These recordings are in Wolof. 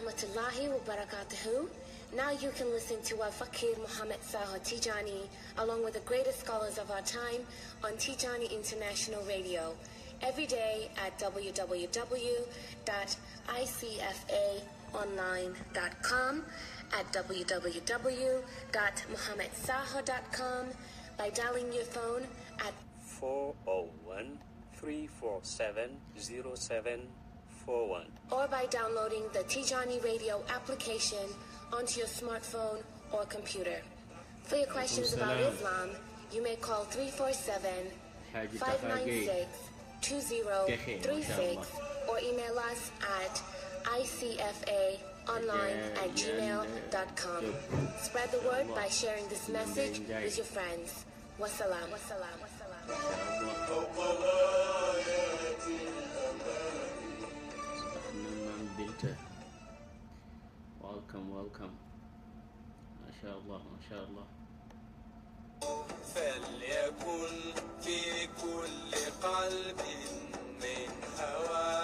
rahmatullahi wa barakatuhu. Now you can listen to our Fakir Muhammad Saho Tijani along with the greatest scholars of our time on Tijani International Radio every day at www.icfaonline.com, at www.muhammadsaho.com, by dialing your phone at 401 347 07 841. Or by downloading the Tijani Radio application onto your smartphone or computer. For your questions about Islam, you may call 347 596 2036 or email us at icfaonline at gmail.com. Spread the word by sharing this message with your friends. Wassalam. Wassalam. أو كم ما شاء الله ما شاء الله فليكن في كل قلب من هواه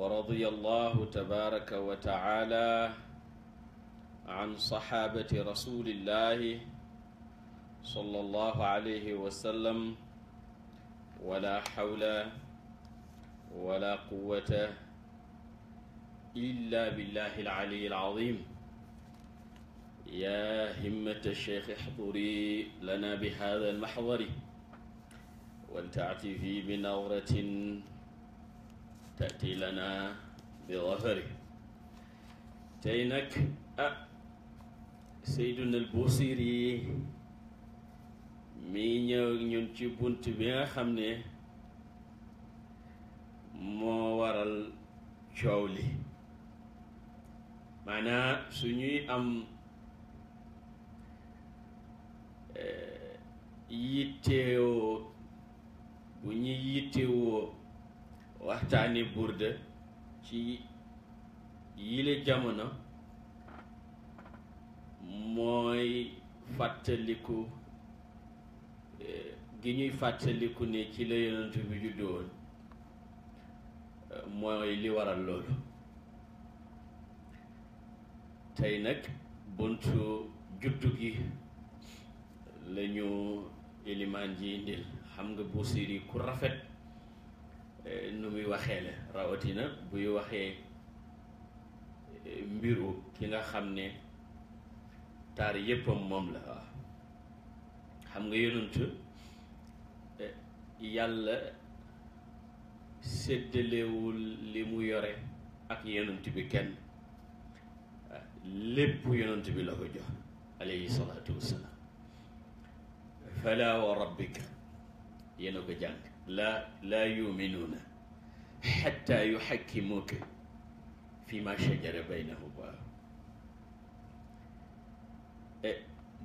ورضي الله تبارك وتعالى عن صحابة رسول الله صلى الله عليه وسلم ولا حول ولا قوة إلا بالله العلي العظيم يا همة الشيخ احضري لنا بهذا المحضر ولتعتفي بنظرة tati lana bi wafari tey nag ah Seydina al-Busiri mi ñëw ak ci bunt bi nga xam ne moo waral coow li maanaa su ñuy am eh, yittewoo bu ñuy yittewoo waxtaani Burda ci yile jamono mooy fàttaliku eh, gi ñuy fàttaliku ni ci la yonent bi juddu woon eh, mooy li waral loolu tey nag buntu juddu gi la ilimaan ji indil xam nga Busiri ku rafet nu muy waxee la rawatina buy waxee e, mbiru ki nga xam ne taar yéppam moom la waaw xam nga yonent e, yàlla séddalewul li mu yore ak yonent bi kenn e, lépp yonent bi la ko jox alayhi salaatu wassalaam fala wa rabbika ko jàng la laa yuminuuna xatta yuxakkimuuka fi ma shajara baynahum waaw eh,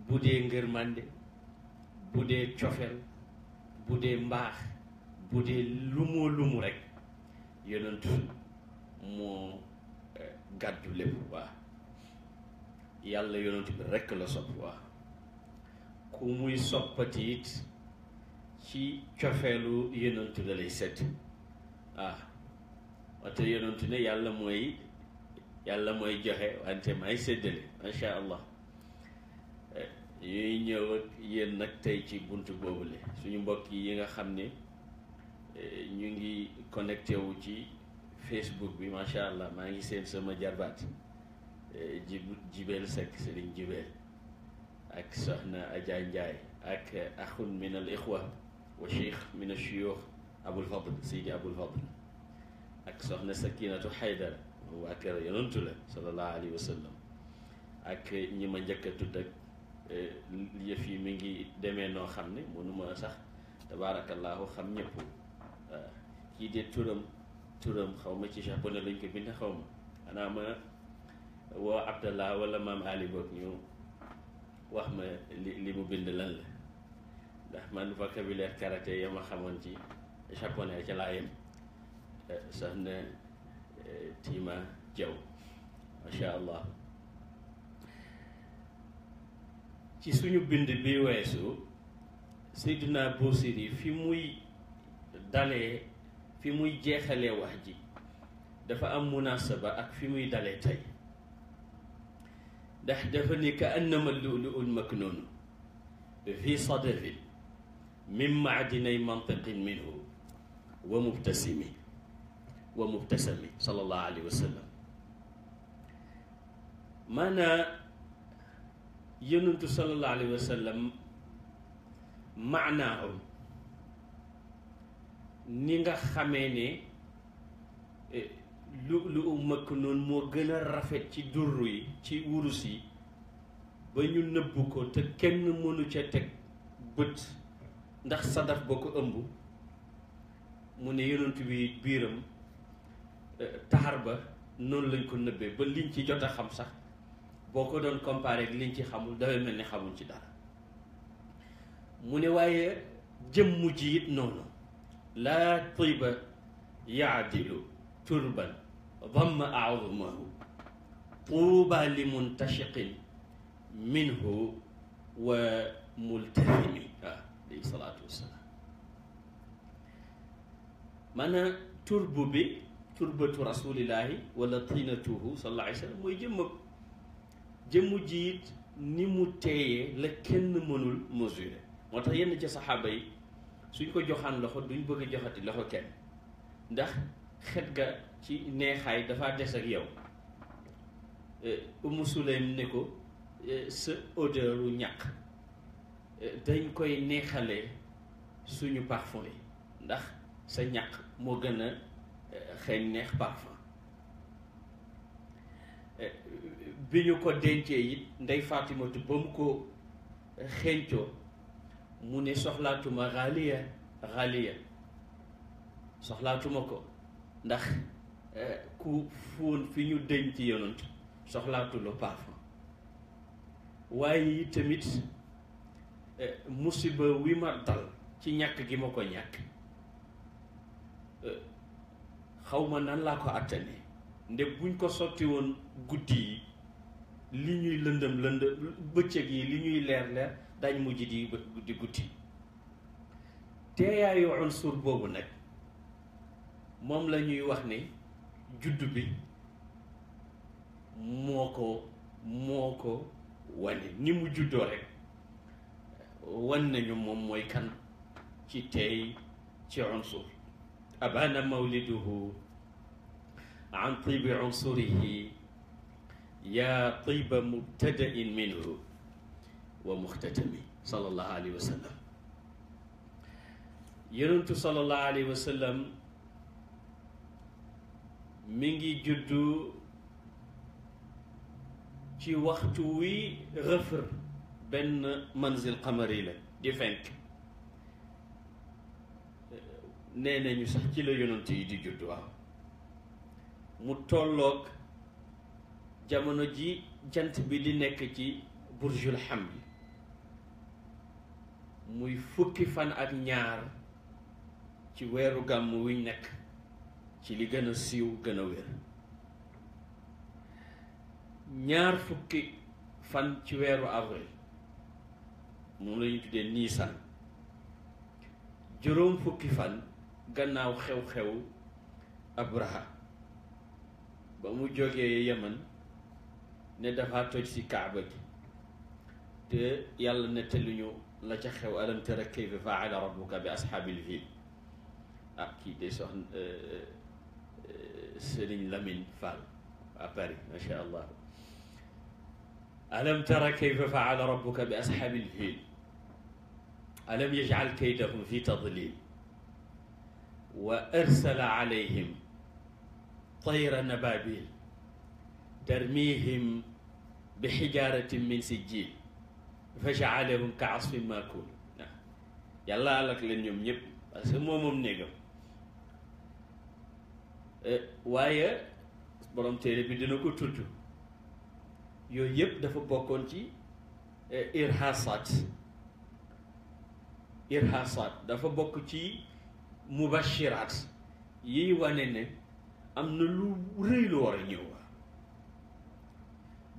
bu dee ngërmande bu dee cofeel bu dee mbaax bu dee lumoo lumu rek yonentu moo eh, gàddu lépp waa yàlla yonentu rekk la sopp waa ku muy soppati ci cofeelu yonent bi lay set waaw wante yonent ne yàlla mooy yàlla mooy joxe wante may séddale macha allah eh, ñuy ñëw ak yéen nag tey ci bunt boobule suñu mbokk yi nga xam ne eh, ñu ngi connecté wu ci Facebook bi macha allah maa ngi seen sama jarbaat eh, jib jibeel Seck Serigne Jibeel ak soxna Adja Ndiaye ak axun min al wa cheikh min ashuyuux abul fadl seydi abul fadl ak soxna sakinatu xaydara moom waa kër yonantu la sallallahu alayhi wa ak ñi ma njëkk a tudd ak eh, yëf yi mi ngi deme noo xam ne mënuma sax tabaarakallaahu xam ñépp ah, kii de turam turam xaw ma ci japonais lañ ko bind xaw ma xanaa ma woo Abdallah wala maam Ali boog ñu wax ma li mu bind lan la ndax man vocabulaire karaté ya ma xamoon ci japonais ca laa yem soxna eh, Tima Diaw macha allah ci suñu bind bi weesu Seydina Boussiri fi muy dalee fi muy jeexalee wax ji dafa am munasaba ak fi muy dalee tey ndax dafa ni ka annama lu'lu'ul maknun fi sadafin min maadinay mantiqin minhu wa mubtasimi wa mubtasami sallallahu alayhi wa sallam maanaa yonentu sallallahu alayhi wa sallam maanaa am ni nga xame ne e, lu lu umak noonu moo gën a rafet ci durru yi ci wurus yi ba ñu nëbb ko te kenn mënu ca teg bët ndax sadaf ba ko ëmb mu ne yonent bi biiram euh, taxar ba noonu lañ ko nëbbee ba liñ ci jot a xam sax boo ko doon comparé ak liñ ci xamul dafay mel ni xamuñ ci dara mu ne waaye jëmm ji it noonu laa tiba yaadilu turban damma azumahu tuuba li muntashiqin minhu wa multasimi alayhi salaatu wassalaam maanaam turbu bi turbatu rasulillahi wala tinatuhu sallallahu alayhi wasallam mooy jëmm jëmmu jiit ni mu teeyee la kenn mënul mesurer moo tax yenn ca saxaaba yi suñ ko joxaan loxo duñ bëgg a joxati loxo kenn ndax xet ga ci neexaay dafa des ak yow Umu euh, Sulaym ne ko euh, sa odeur u ñàkk Eh, dañ koy neexale suñu parfum yi ndax sa ñaq moo gën a eh, xeeñ neex parfum eh, bi ñu ko dencee it ndey Faatimatu ba mu ko xeeñcoo mu ne soxlaatuma xaaliya xaaliya soxlaatuma ko ndax ku fóon fi ñu denc yonant soxlaatuloo parfum waaye yi tamit Eh, musiba wi ma dal ci ñàkk gi ma ko ñàkk eh, xawma ma nan laa ko àttane nde buñ ko sotti woon guddi yi li ñuy lëndëm lëndëm bëccëg yi li ñuy leer leer dañ mujj di di guddi teeyaayu unsur boobu nag moom lañuy wax ni judd bi moo ko moo ko wane ni mu juddoo rek wan nañu moom mooy kan ci tey ci unsur abana mawliduhu an tibi unsurihi yaa tiba mubtadain minhu wa muxtatami sallallahu alayhi wa sallam yonentu sallallahu alayhi wa sallam mi ngi juddu ci waxtu wi rëfër benn manzil xamari la di fenk nee nañu sax ci la yonent yi di judd waaw mu tolloog jamono ji jant bi di nekk ci burjul hamli muy fukki fan ak ñaar ci weeru gàmm wuñ nekk ci li gën a siiw gën a wér ñaar fukki fan ci weeru avril moom la ñu tuddee niisan juróom fukki fan gannaaw xew-xew abraha ba mu jógee yaman ne dafa toj ci kaaba gi te yàlla nettaluñu la ca xew alam tara kayfa faala rabbuka bi ashaabil fiil ah kii de soxna euh, euh, Serigne Lamine Fall à Paris ma sha allah alam tara kayfa faala rabbuka bi ashaabil fiil alam yajal kaydahum fi tadlil wa arsala alayhim tayra nababil tarmihim bi xijaratin min sijjil fa jaalahum ka asfin makul waaw yàlla alak leen ñoom ñëpp parce que moom moom néegam waaye borom téere bi dina ko tudd yooyu yëpp dafa bokkoon ci irhasat irhasaat dafa bokk ci mubashiraat yi wane ne am na lu rëy lu war a ñëw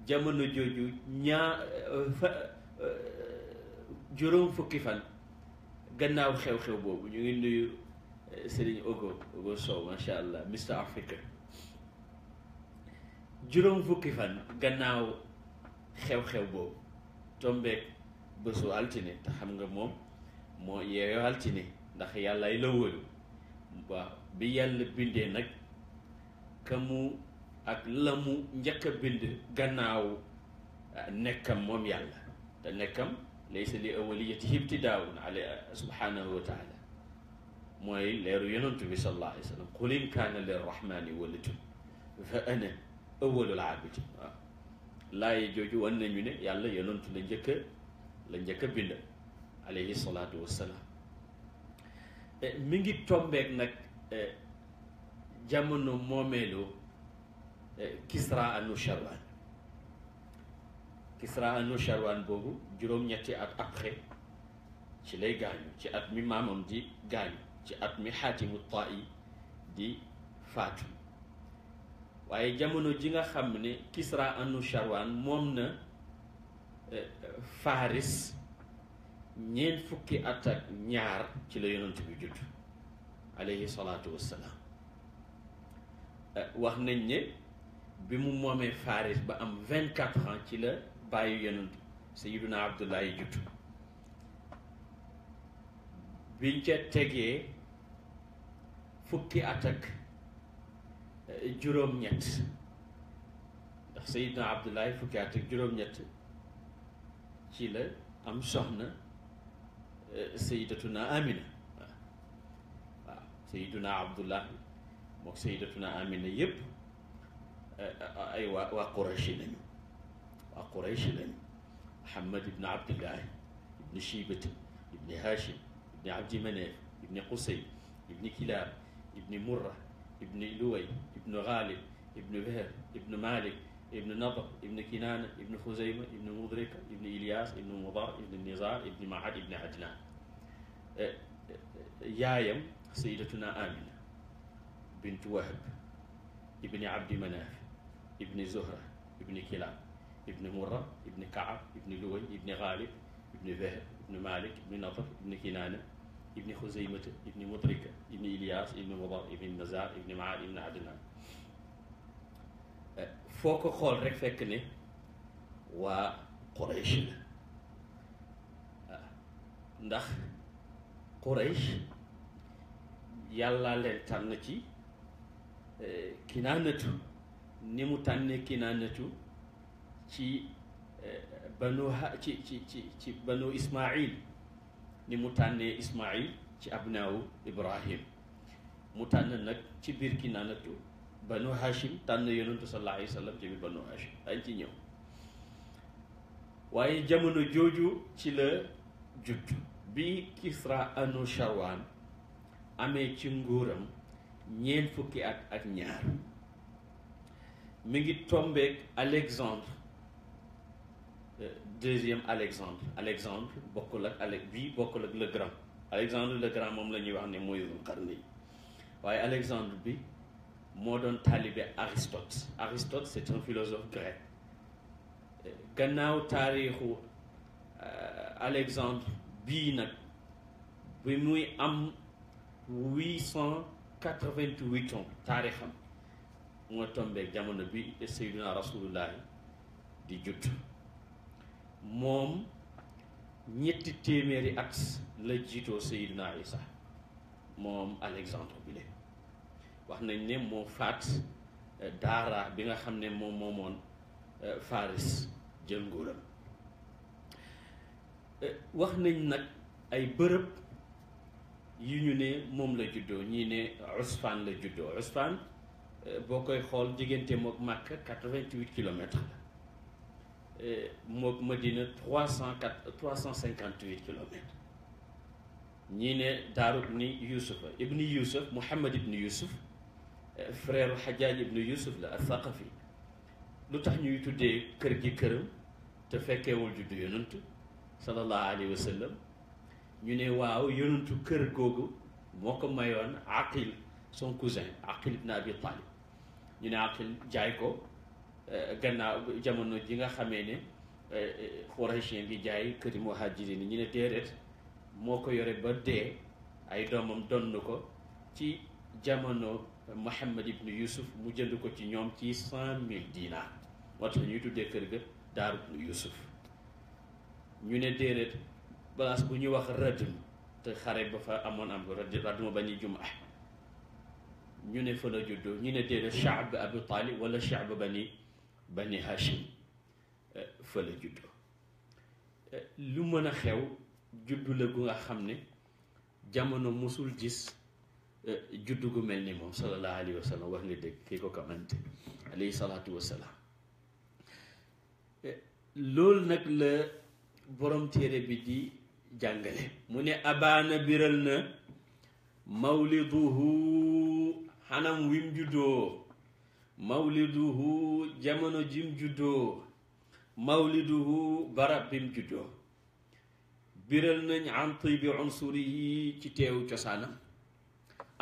jamono jooju ñaa euh, fa euh, juróom fukki fan gannaaw xew-xew boobu ñu ngi nuyu euh, Serigne Ogo Ogo Sow macha allah Mister Africa juróom fukki fan gannaaw xew-xew boobu tombeek bésu altine te xam nga moom moo yeeyoo altine ndax yàllaay la wóolu waaw bi yàlla bindee nag ka mu ak la mu njëkk a bind gannaaw ah, nekkam moom yàlla te nekkam laysa li awaliyatihi ibtidaawun ale subhanahu mooy leeru yonent bi sallallahu alayhi wa sallam qul in kaana lirrahmani waladun fa ana awwalul aabidin waaw laaye jooju wan nañu ne yàlla yonent la njëkk la Eh, mi ngi tombeek nag eh, jamono moomeelu eh, Kisra Anusharwan Kisra Anusharwan boobu juróom-ñetti at après ci lay gaañu ci at mi maamam di gaañu ci at mi xaatimu ta'i di faatu waaye jamono ji nga xam ne Kisra Anusharwan moom na Faris ñeent fukki at ak ñaar ci la yonent bi judd alayhi salaatu wassalaam euh, wax nañ ne bi mu moomee Faris ba am vingt quatre ans ci la bàyyi yonent Sayyiduna Abdullahi judd biñ ca tegee fukki at ak euh, juróom-ñett ndax Sayyiduna Abdullahi fukki at ak juróom-ñett ci la am soxna sayidatuna amina ah, waaw waaw sayiduna abdullah mook sayidatuna amina yépp eh, ay waa waa quraysh lañu waa quraysh lañu muhammad ibn abdullah ibn shibat ibn hashim ibn abdi maneef ibn qusay ibn kilaab ibn murra ibn luway ibn ghalib ibn weheb ibn malik ibn nadr ibn kinaana ibn xuzayma ibn mudrika ibn ilyas ibn mudar ibn nizar ibn maad ibn adnan yaayam sayyidatuna amina bintu wahab ibni abdi manaaf ibni zuhra ibni kilaab ibni murra ibni kaab ibni luway ibni xaalib ibni wahab ibni malik ibni nadr ibni kinaana ibni xuzeymata ibni mudrika ibni ilias ibni mubar ibni nazar ibni maad ibni adnan foo ko xool rek fekk ne waa quraysh la waaw ndax Quraysh yàlla leen tànn ci eh, kinaanatu ni mu tànnee kinaanatu ci eh, banu ha ci ci ci banu Ismaayil ni mu tànnee Ismaayil ci abnaawu Ibrahim mu tànn nag ci biir kinaanatu banu Hashim tànn yonentu sallallahu alayhi wa ci biir banu Hashim dañ ci ñëw waaye jamono jooju ci la judd bi Kisra Anushirwan amee ci nguuram ñeent fukki ak ak ñaar mi ngi tombeek Alexandre euh, deuxième Alexandre Alexandre bokkul ak Alex bii bokkul ak le grand Alexandre le grand moom la ñuy wax ni mooy Zulqarni waaye Alexandre bi moo doon taalibe Aristote Aristote c'est un philosophe grec euh, gannaaw taarixu euh, Alexandre bii nag bi muy am huit cent quatre vingt jamono bi Seydina Rasulullahi di judd moom ñetti téeméeri at la jiitoo Seydina Isa moom Alexandre bi le wax nañ ne moo faat eh, daara bi nga xam ne moom moomoon eh, Faris jël nguuram Euh, wax nañ nag ay bërëb yi ñu ne moom la juddoo ñii ne Usfaan la juddoo Usfaan euh, boo koy xool diggante mook Màkka quatre kilomètres la euh, mook Madina trois cent quatre trois cent cinquante-huit kilomètres ñii ne Daaru ibni Yusufa ibni Yusuf Muhammad ibni Yusuf frère Xajaaj ibni Yusuf la al-Thaqafi lu tax ñuy tuddee kër gi këram te fekkee fekkeewul juddu yonantu sallallahu alayhi wa ñu ne waaw yonentu kër googu moo ko mayoon aqil son cousin aqil ibn abi talib ñu ne aqil jaay ko euh, gannaaw jamono ji nga xamee ne xurayshien euh, gi jaay këri muhajirin ñu ne déedéet moo ko yore ba dee ay doomam donn ko ci jamono Muhammad ibn Yusuf mu jënd ko ci ñoom ci cent mille dinar moo tax ñuy tuddee kër ga daaru ibn Yusuf ñu ne déedéet place bu ñu wax rëddum te xare ba fa amoon am ko rëdd rëdduma ba ñuy jumaa ñu ne fa la juddoo ñu ne déedéet chaab Abu Talib wala chaab bani bani Hashim eh, fa la juddoo eh, lu mën a xew juddu la gu nga xam ne jamono musul gis eh, juddu gu mel ni moom sallallahu alayhi wa sallam wax nga dégg kii ko kamante alayhi salaatu wa salaam loolu nag la. borom téere bi di jàngale mu ne abaana biral na mawliduhu xanam wim juddoo mawliduhu jamono jim juddoo mawliduhu barab bim juddoo biral nañ an tibi yi ci teewu cosaanam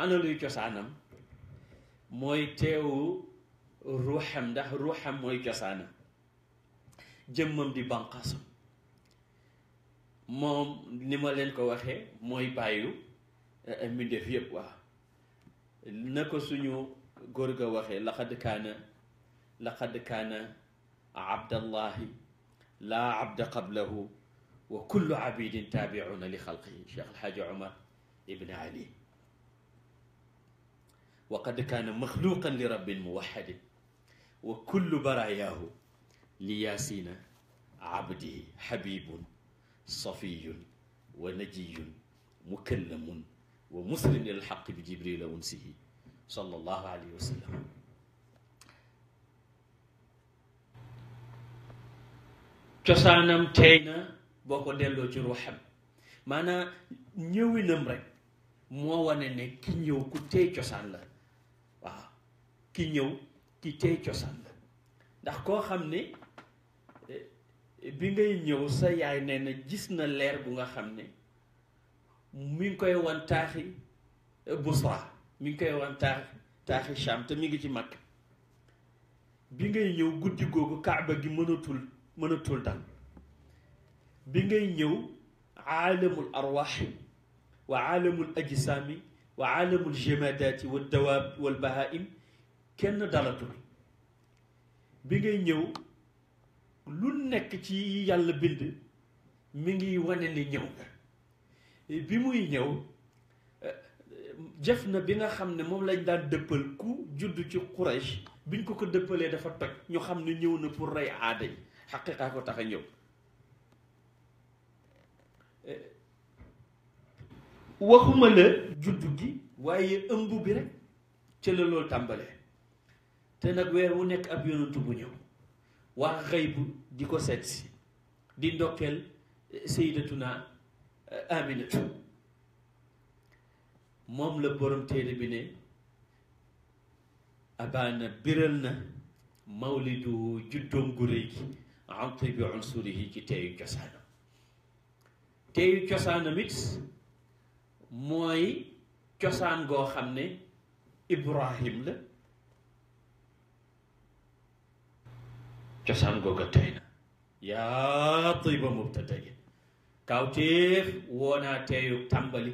ana luy cosaanam mooy teewu ruuxam ndax ruuxam mooy cosaanam jëmmam di banqaasam moom ni ma leen ko waxee mooy bàyyu eh, mbindeef yépp waaw na ko suñu góor ga waxee laqad kaana laqad kaana abdallahi laa abda qablahu wa kullu abidin taabiuna li xalqihi cheikh alxaaji omar ibn ali wa qad kaana maxluqan li rabbin muwaxadin wa kullu barayaahu li yaasina abdihi xabibun safiyun wa najiyun mukallamun wa muslim lil xaq bi jibrila unsihi sallallahu alayhi wa sallam cosaanam teey na boo ko delloo ci ruuxam maanaam ñëwinam rek moo wane ne ki ñëw ku tey cosaan la waaw ki ñëw ki tey cosaan la ndax koo xam ne bi ngay ñëw sa yaay nee na gis na leer bu nga xam ne mi ngi koy wan taaxi euh, Busra mi ngi koy wan taaxi taaxi Sham te mi ngi ci Makka bi ngay ñëw guddi googu kaaba gi mënatul mënatul dal bi ngay ñëw aalamul arwaaxi wa aalamul ajsaami wa aalamul jamaadaati wa dawaab wal bahaim kenn dalatul bi ngay ñëw lu nekk ci yàlla bind mi ngi wane ni ñëw nga bi muy ñëw euh, jëf na bi nga xam ne moom lañ daan dëppal ku judd ci Quraysh biñ ko ko dëppalee dafa toj ñu xam ne ñëw na pour rey aada yi xaqiqaa ko tax a ñëw euh, waxuma la judd gi waaye ëmb bi rek ca loolu tàmbalee te nag weer wu nekk ab yonantu bu ñëw waa xëybu di ko seet si di ndokkeel eh, sayyidatuna eh, aminatu moom la borom téere bi ne abaana biral na mawlidu juddoom gu rëy gi am tibi unsurihi ci teeyu cosaanam teeyu cosaanam it mooy cosaan goo xam ne ibrahim la cosaan googa tey na yaa tiba mubtada'in kawteef woonaa teeyu tàmbali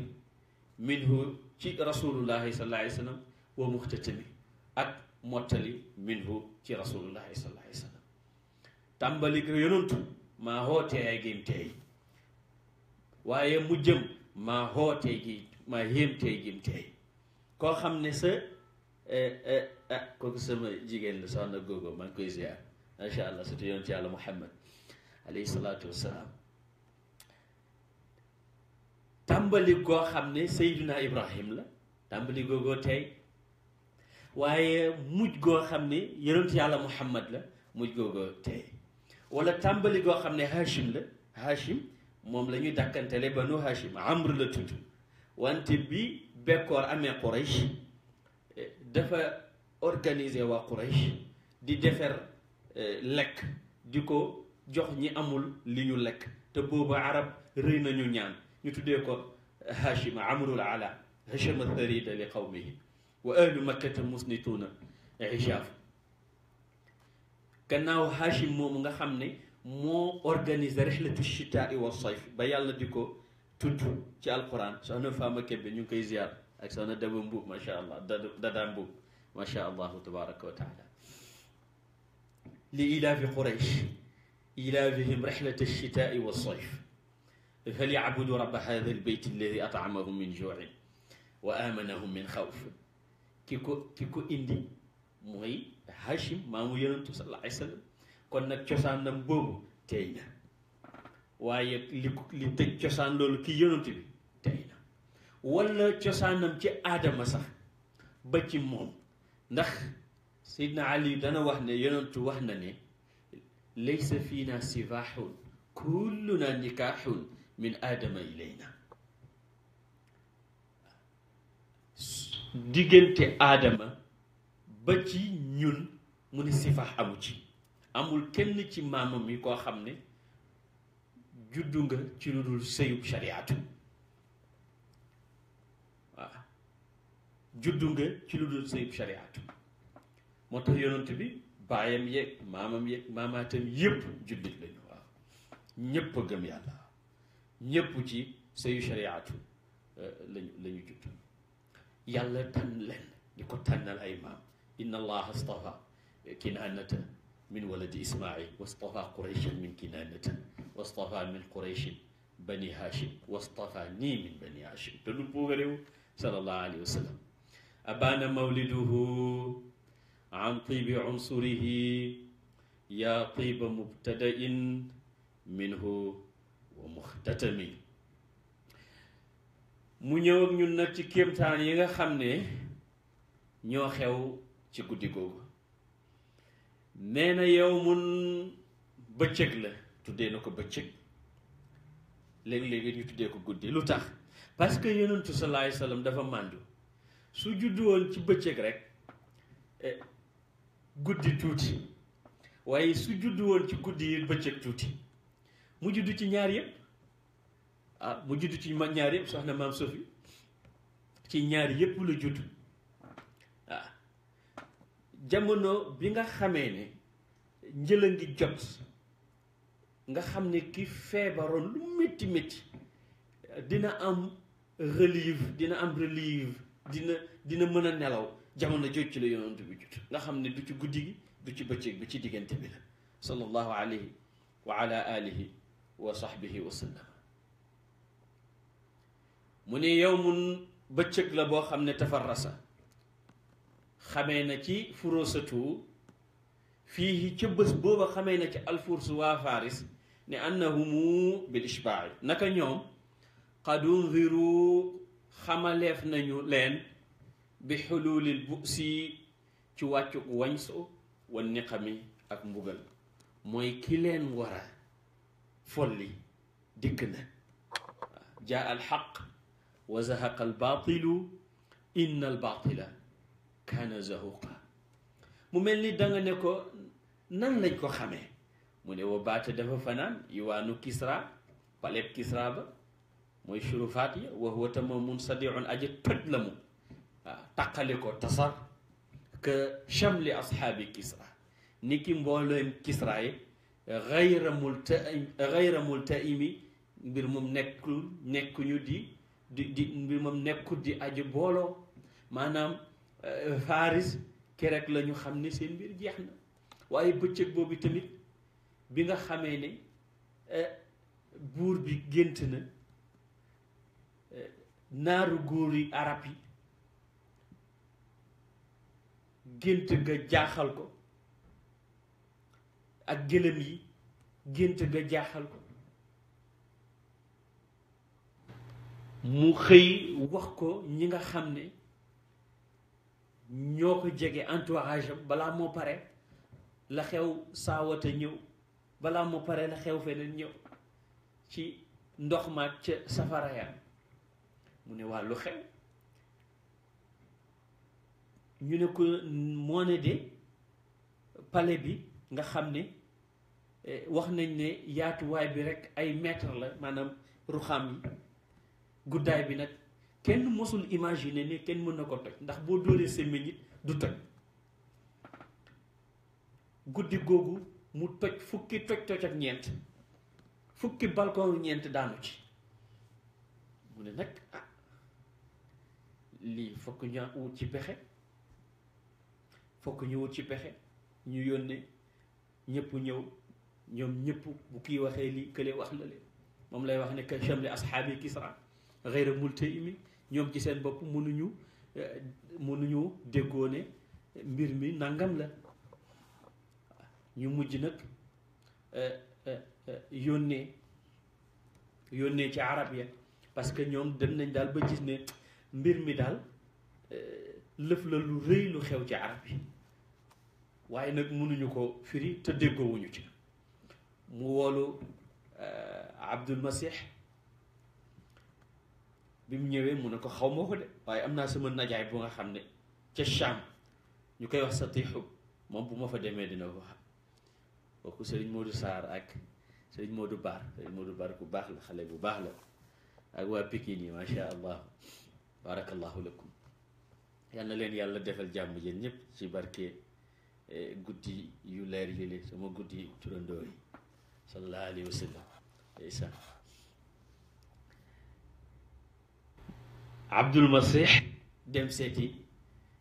minhu ci rasulullahi sallallahu alayhi wa sallam wa muxtatami ak mottali minhu ci rasulullahi sallallahu alayhi wa sallam tàmbali ga yonantu maa hootee gim teey waaye mu jëm maa hootee gi maa yéemtee koo xam ne sa eh, eh, ah, kooku sama jigéen la soxna googu maa koy ziar macha allah surtout yoon ci yàlla Muhammad alayhi salaatu wassalaam tàmbali goo xam ne Seydina Ibrahim la tàmbali googoo tey waaye mujj goo xam ne yonent yàlla Muhammad la mujj googoo tey wala tàmbali goo xam ne Hachim la Hachim moom la ñuy dàkkantele banu Hachim amr la tudd wante bi bekkoor amee Quraysh eh, dafa organiser waa Quraysh di defar. Euh, lekk di ko jox ñi amul li ñu lekk te boobu arab rëy nañu ñaan ñu tuddee ko hashima amrul ala hashama tharida li qawmihi wa ahlu makkata musnituuna ijaaf gannaaw hashim moomu nga xam ne moo organiser rihlatu chitaa wa sayf ba yàlla di ko tudd ci alquran soxna Fama Kébé ñu ngi koy ziar ak soxna Daba Mbuub macha allah Dada Mbuub macha wa taala li ilaafi quraysh ilaafihim rixlata alchitaai walsayf falyacbudu rabba hada albeyt alladi atamahum min juuin wa amanahum min xawf ki ko ki ko indi mooy Hachim maamu yonentu sallallahu alayhi wa sallam kon nag cosaanam boobu tey na waaye li li tëj cosaan loolu ki yonentu bi tey na wala cosaanam ci aadama sax ba ci moom ndax Seydina Ali dana wax ne yonentu wax na ne laysa fiina sibaaxun kulluna nikaaxun min aadama ilayna diggante aadama ba ci ñun mu ne sifaax amu ci amul kenn ci maamam yi koo xam ne juddu nga ci lu dul sëyub shariatu waaw juddu nga ci lu dul sëyub shariatu moo tax yonent bi baayam yeeg maamam yeeg maamaatam yépp jullit lañu waaw ñépp a gëm yàlla ñépp ci sayu shariatu euh, lañu la ñu judd yàlla tànn leen di ko tànnal ay maam inna allaha stafa kinaanata min waladi ismail wastafa qurayshan min kinaanata wastafa min qurayshin bani hashim wastafa nii min bani hashim te lu booga réew sallallahu alayhi wa sallam abana mawliduhu an tibi unsurihi yaa tiba mubtadain minhu wa muxtatami mu ñëw ak ñun nag ci kéemtaan yi nga xam ne ñoo xew ci guddi googu nee na yow mun bëccëg la tuddee na ko bëccëg léegi-léegi ñu tuddee ko guddi lu tax parce que yonentu sallallahu alayhi dafa màndu su juddu woon ci bëccëg rek eh, guddi tuuti waaye su juddu woon ci guddi yi bëccëg tuuti mu juddu ci ñaar yëpp ah, mu juddu ci ñaar yëpp soxna maam Sofi ci ñaar yëpp la judd ah, jamono bi nga xamee ne njëla ngi jot nga xam ne ki feebaroon lu métti métti dina am relief dina am relief dina dina mën a nelaw jamono jooju ci la yonent bi jut nga xam ne du ci guddi gi du ci bëccëg ci diggante bi la sallallahu alayhi wa ala alihi wa sahbihi wa sallam mu ne yow mun bëccëg la boo xam ne tafarrasa xamee na ci furosatu fii ca bés booba xamee na ci alfursu waa faris ne annahumu bil ishbaai naka ñoom qad unziru xamaleef nañu leen bi xuluulil busi ci wàccuk wañsu wa niqami ak mbugal mooy ki leen war a folli dikk na jaa alxaq wa zahaqa albaatilu inna albaatila kaana zahuqa mu mel ni danga ne ko nan lañ ko xamee mu ne wa baata dafa fanaan yuwaanu kisra paleb kisra ba mooy shurufaat ya wa huwa tamamun sadiun aji toj la mu waaw ah, taqale ko tasar que chamli ashaabi kisra ni ki mbooleem kisra yi xayra multa xayra mbir moom nekku nekkuñu di di di mbir moom nekkul di aji booloo maanaam eh, faris ki rek la xam ni seen mbir jeex na waaye bëccëg boobu tamit bi nga xamee ni eh, buur bi gént na eh, naaru góor yi arab yi gént ga jaaxal ko ak gëlëm yi gént ga jaaxal ko mu xëy wax ko ñi nga xam ne ñoo ko jege entourage balaa moo pare la xew saawata ñëw balaa moo pare la xew feneen ñëw ci ndox ma ca safara mu ne waa lu xew ñu ne ko moo ne de palais bi nga xam ne eh, wax nañ ne yaatuwaay bi rek ay mètre la maanaam ruxaam yi guddaay bi nag kenn mosul imaginer ne kenn mën na ko toj ndax boo dóoree semmiñ it du toj guddi googu mu toj fukki toj toj ak ñeent fukki balcon ñeent daanu ci mu ne nag ah lii fokk ñu wut ci pexe fokk ñu wut ci pexe ñu yónnee ñëpp ñëw ñoom ñëpp bu kii waxee lii kële wax la leen moom lay wax ne ka chamli ashaabi kisra xeyra multe mi ñoom ci seen bopp mënuñu eh, mënuñu déggoo mbir mi nangam la ñu mujj nag eh, eh, yónnee yónnee ci arab ya parce que ñoom dem nañ daal ba gis ne mbir mi daal lëf la lu rëy lu xew ci arab bi waaye nag mënuñu ko firi te déggoowuñu ci mu woolu euh, abdul masih bi mu ñëwee mun ne ko xaw ma ko de waaye am naa sama najaay bu nga xam ne ca Sham ñu koy wax sa tixu moom bu ma fa demee dina ko xam kooku sëriñ Modou Sarr ak sëriñ du Baar sëriñ Modou Baar bu baax la xale bu baax la ak waa Pikine yi ma sha allah barakallahu lakum yal na leen yàlla defal jàmm yéen ñëpp ci barke e, guddi yu leer yële sama guddi turandoo yi sallallahu alayhi wa sallam ndeysaan abdul masih dem seeti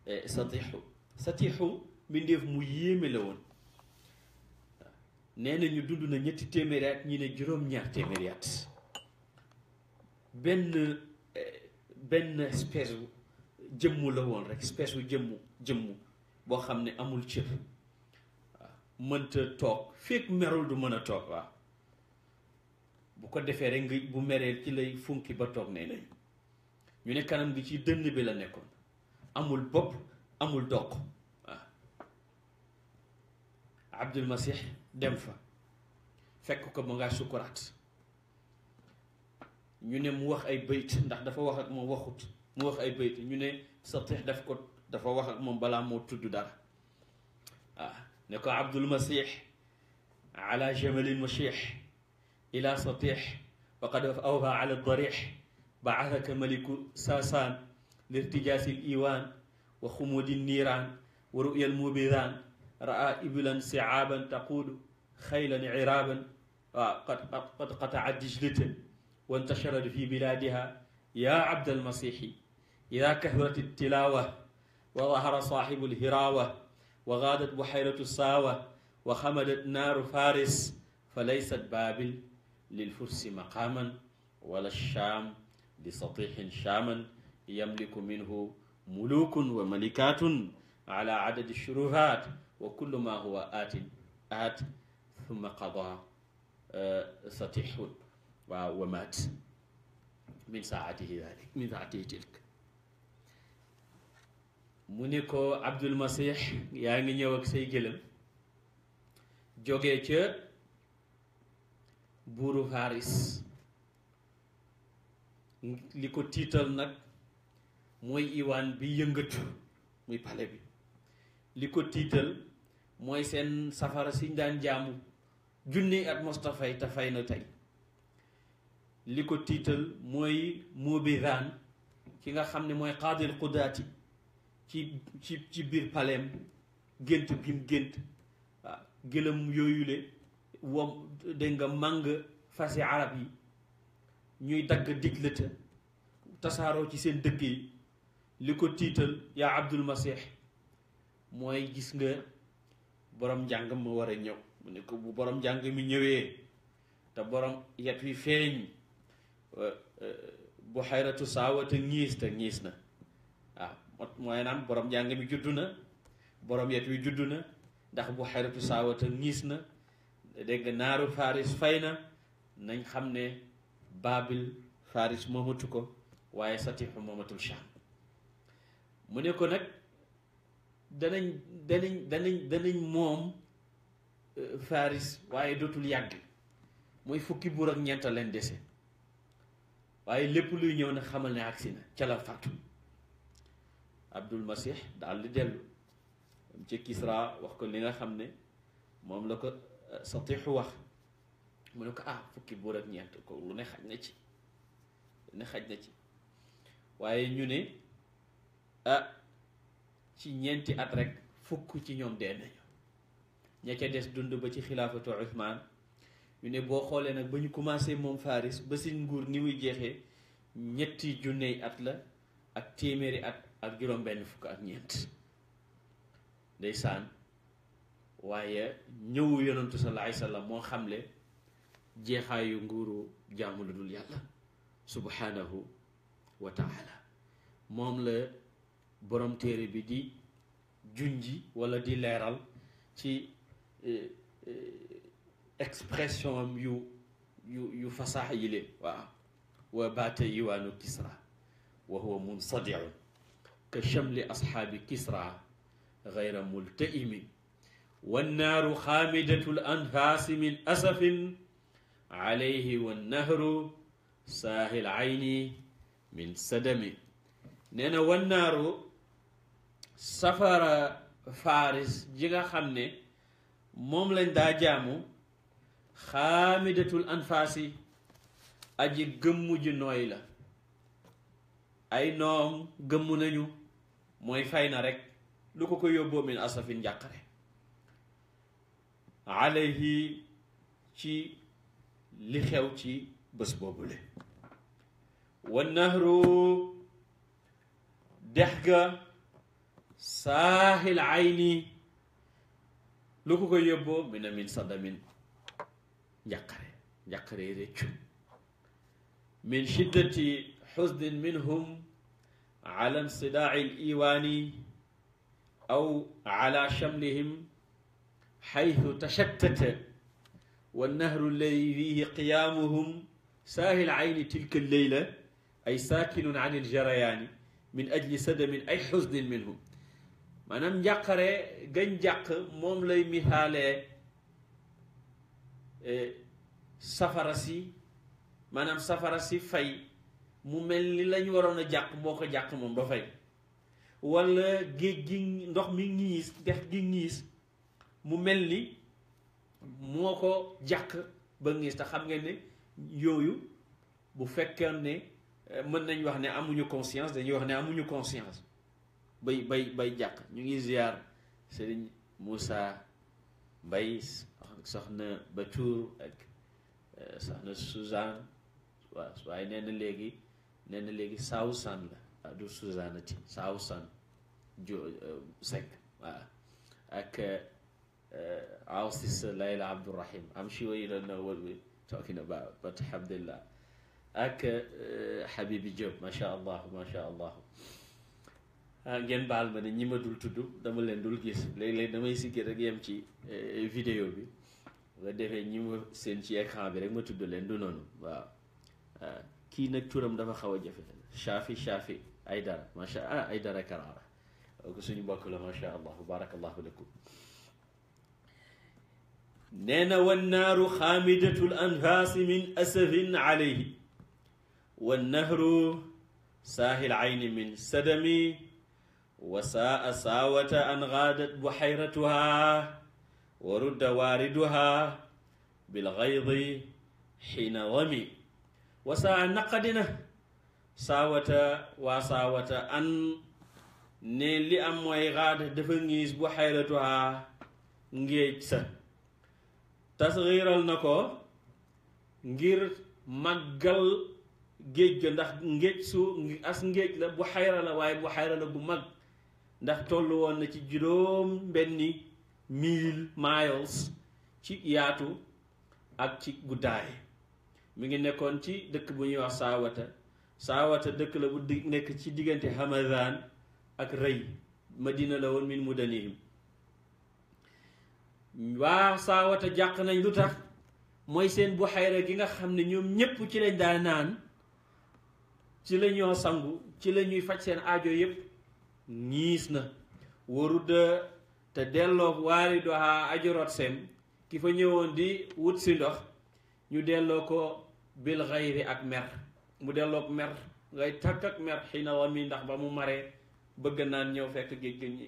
e, satixu satixu mbindeef mu yéeme la woon nee nañu ñu na ñetti téeméeri at ñi ne juróom-ñaar téeméeri benn e, benn jëmmu la woon rek espèce u jëmm jëmm boo xam ne amul cër waaw mënta toog fekk merul du mën a toog waaw bu ko defee rek bu meree ci lay funki ba toog ne nañ ñu ne kanam gi ci dënn bi la nekkoon amul bopp amul doq waaw Abdul Masih dem fa fekk ko ba ngaa sukkuraat ñu ne mu wax ay bayt ndax dafa wax ak moom waxut mu wax ay bayt ñu ne satix daf ko dafa wax ak moom balaa moo tudd dara waaw ah, ne ko abdul masix ala jamalin mashix ila satix wa qad awfa ala darix baasaka maliku saasaan lirtijaasi liwaan wa xumuudi niiraan wa ruya almubidaan raa iblan sicaaban taquudu xaylan iraaban waaw qad qataat dijlatan wa intashara fi bilaadiha yaa abdal masiixi ida kahurati tilaawa wa dahara saaxibu lhiraawa wa gaadat buxayratu saawa wa xamadat naaru faris fa laysat baabil lilfursi maqaaman wala shaam li satixin shaaman yamliku minhu muluukun wa malikaatun ala adadi shuruhaat wa kullu ma huwa aatin aat thumma qadaa eh, satixun waaw wa maat min saatihi dalik min saatihi tilk mu ni ko abdul masih yaa ngi ñëw ak say gëlëm jóge ca buuru Faris li ko tiital nag mooy iwaan bi yëngatu muy pale bi li ko tiital mooy seen safara si ñu daan jaamu junni at Mustapha te fay na tey li ko tiital mooy mubiraan ki nga xam ne mooy xaadir xudaati ci ci ci biir paleem gént gim gént waaw gëlëm yooyule wom dégg nga màng fasi arab yi ñuy dagg diglata tasaaroo ci seen dëkk yi li ko tiital yaa abdul masih mooy gis nga boroom njàng ma war a ñëw mu ne ko bu borom njàng mi ñëwee te boroom yet wi feeñ bu xayratu saawata ñiis te ñiis na waaw mooy naan boroom njàng mi judd na borom yet wi juddu na ndax bu xayratu saawata ñiis na dégg naaru faris fay na nañ xam ne baabil faris moomatu ko waaye satixu moomatul sham mu ne ko nag danañ danañ danañ moom euh, faris waaye dootul yàgg mooy fukki buur ak ñeent leen dese waaye lépp luy ñëw na xamal ne agsi na ca la fàttu abdul masih daal di dellu am ci kisra wax ko li nga xam ne moom la ko euh, satixu wax mu ne ko ah fukki buur ak ñeent ko lu ne xaj na ci lu ne xaj na ci waaye ñu ne ah ci ñeenti at rek fukk ci ñoom dee nañu ña des dund ba ci xilaafatu Usmaan ñu ne boo xoolee nag ba ñu commencé moom Faris ba seen nguur ni muy jeexee ñetti junney at la ak téeméeri at ak juróom-benn fukk ak ñeent saan waaye ñëwu yonantu ay alayhi wasallam moo xamle jeexaayu nguuru jaamu lu dul yàlla subhanahu wa moom la borom téere bi di junji walla di leeral ci eh, eh, expression am yu yu yu fasax yi le waaw wa baata yiwaanu kisra wa huwa munsadirun ka chamli asxaabi kisra gayra multaimin wannaaru xaamidatu l anfaasi min asafin alayhi wannahru saahil ayni min sadami nee na wannaaru safara faris ji nga xam ne moom lañ daa jaamu xaamidatul anfaasi aji gëmmu nooy la ay noom gëmmu nañu mooy fay na rek lu ko ko yóbboo min asafin njàqare alayhi ci li xew ci bés boobule wa nahru dex ga saaxil ayni lu ko ko yóbboo mina min sadamin njàqare njàqare réccu min shiddati xusnin minhum ala insidaai liwaani aw ala shamlihim xaytu tashattata wannahru alladi fihi qiyaamuhum saahil ayni tilka alleyla ay saakinun an iljarayaani min ajli sadamin ay xusnin minhum maanaam njàqare gañ jàq moom lay misaalee E, safara si maanaam safara si fay mu mel ni lañ waroon a jàq moo ko jàq moom ba fay walla géej gi ndox mi ñiis dex gi ngiis mu mel ni moo ko jàq ba ñiis te xam ngeen ne yooyu bu fekkee ne eh, mën nañ wax ne amuñu conscience dañuy wax ne amuñu conscience bay bay bay jàq ñu ngi ziar Serigne Moussa Mbaye ak soxna Batour ak soxna Suzanne léegi nee léegi saawu san la waaw ci saawu san jo eh, Seck waaw ak eh, aw sis Layla Abdourahim am si wa ila na wal wi talking about but alhamdulillah ak eh, Habibi Diop macha allah macha allah ah, ngeen baal ma ne ñi ma dul tudd dama leen dul gis léeg damay sigg rek yem ci vidéo bi nga defee ñi ma seen ci écran bi rek ma tudd leen du noonu waaw ah, kii nag turam dafa xaw a jafe Shafi Shafi ay dara macha ah ay dara karaara ko suñu mbokk la macha allah barakallahu lakum nee na wannaaru xaamidatul anfaasi min asafin alayhi wannahru saahil ayni min sadami wa saa saawata an gaadat buxayratuha wa rudda waariduha bilxaydi xiina wami wa naqadina saawata waa saawata an ne li am mooy xaad dafa ngiis bu xaylatuha ngéej sa tasxiiral na ko ngir màggal géej ga ndax ngéej su as ngéej la bu xayra la waaye bu xayra la bu mag ndax tollu woon na ci juróom benni mille miles ci yaatu ak ci guddaay mi ngi nekkoon ci dëkk bu ñuy wax saawata saawata dëkk la bu di nekk ci diggante hamadan ak rëy madina la woon min mudanihim waa saawata jàq nañ lu tax mooy seen bu xayra gi nga xam ne ñoom ñépp ci lañ daa naan ci la sangu ci lañuy faj seen aajo yépp ñiis na warud te delloo waariduhaa ajurot sem ki fa ñëwoon di wut si ndox ñu delloo ko bil xayri ak mer mu delloo ko mer ngay takk ak mer xina mi ndax ba mu maree bëgg naan ñëw fekk géej ga ñu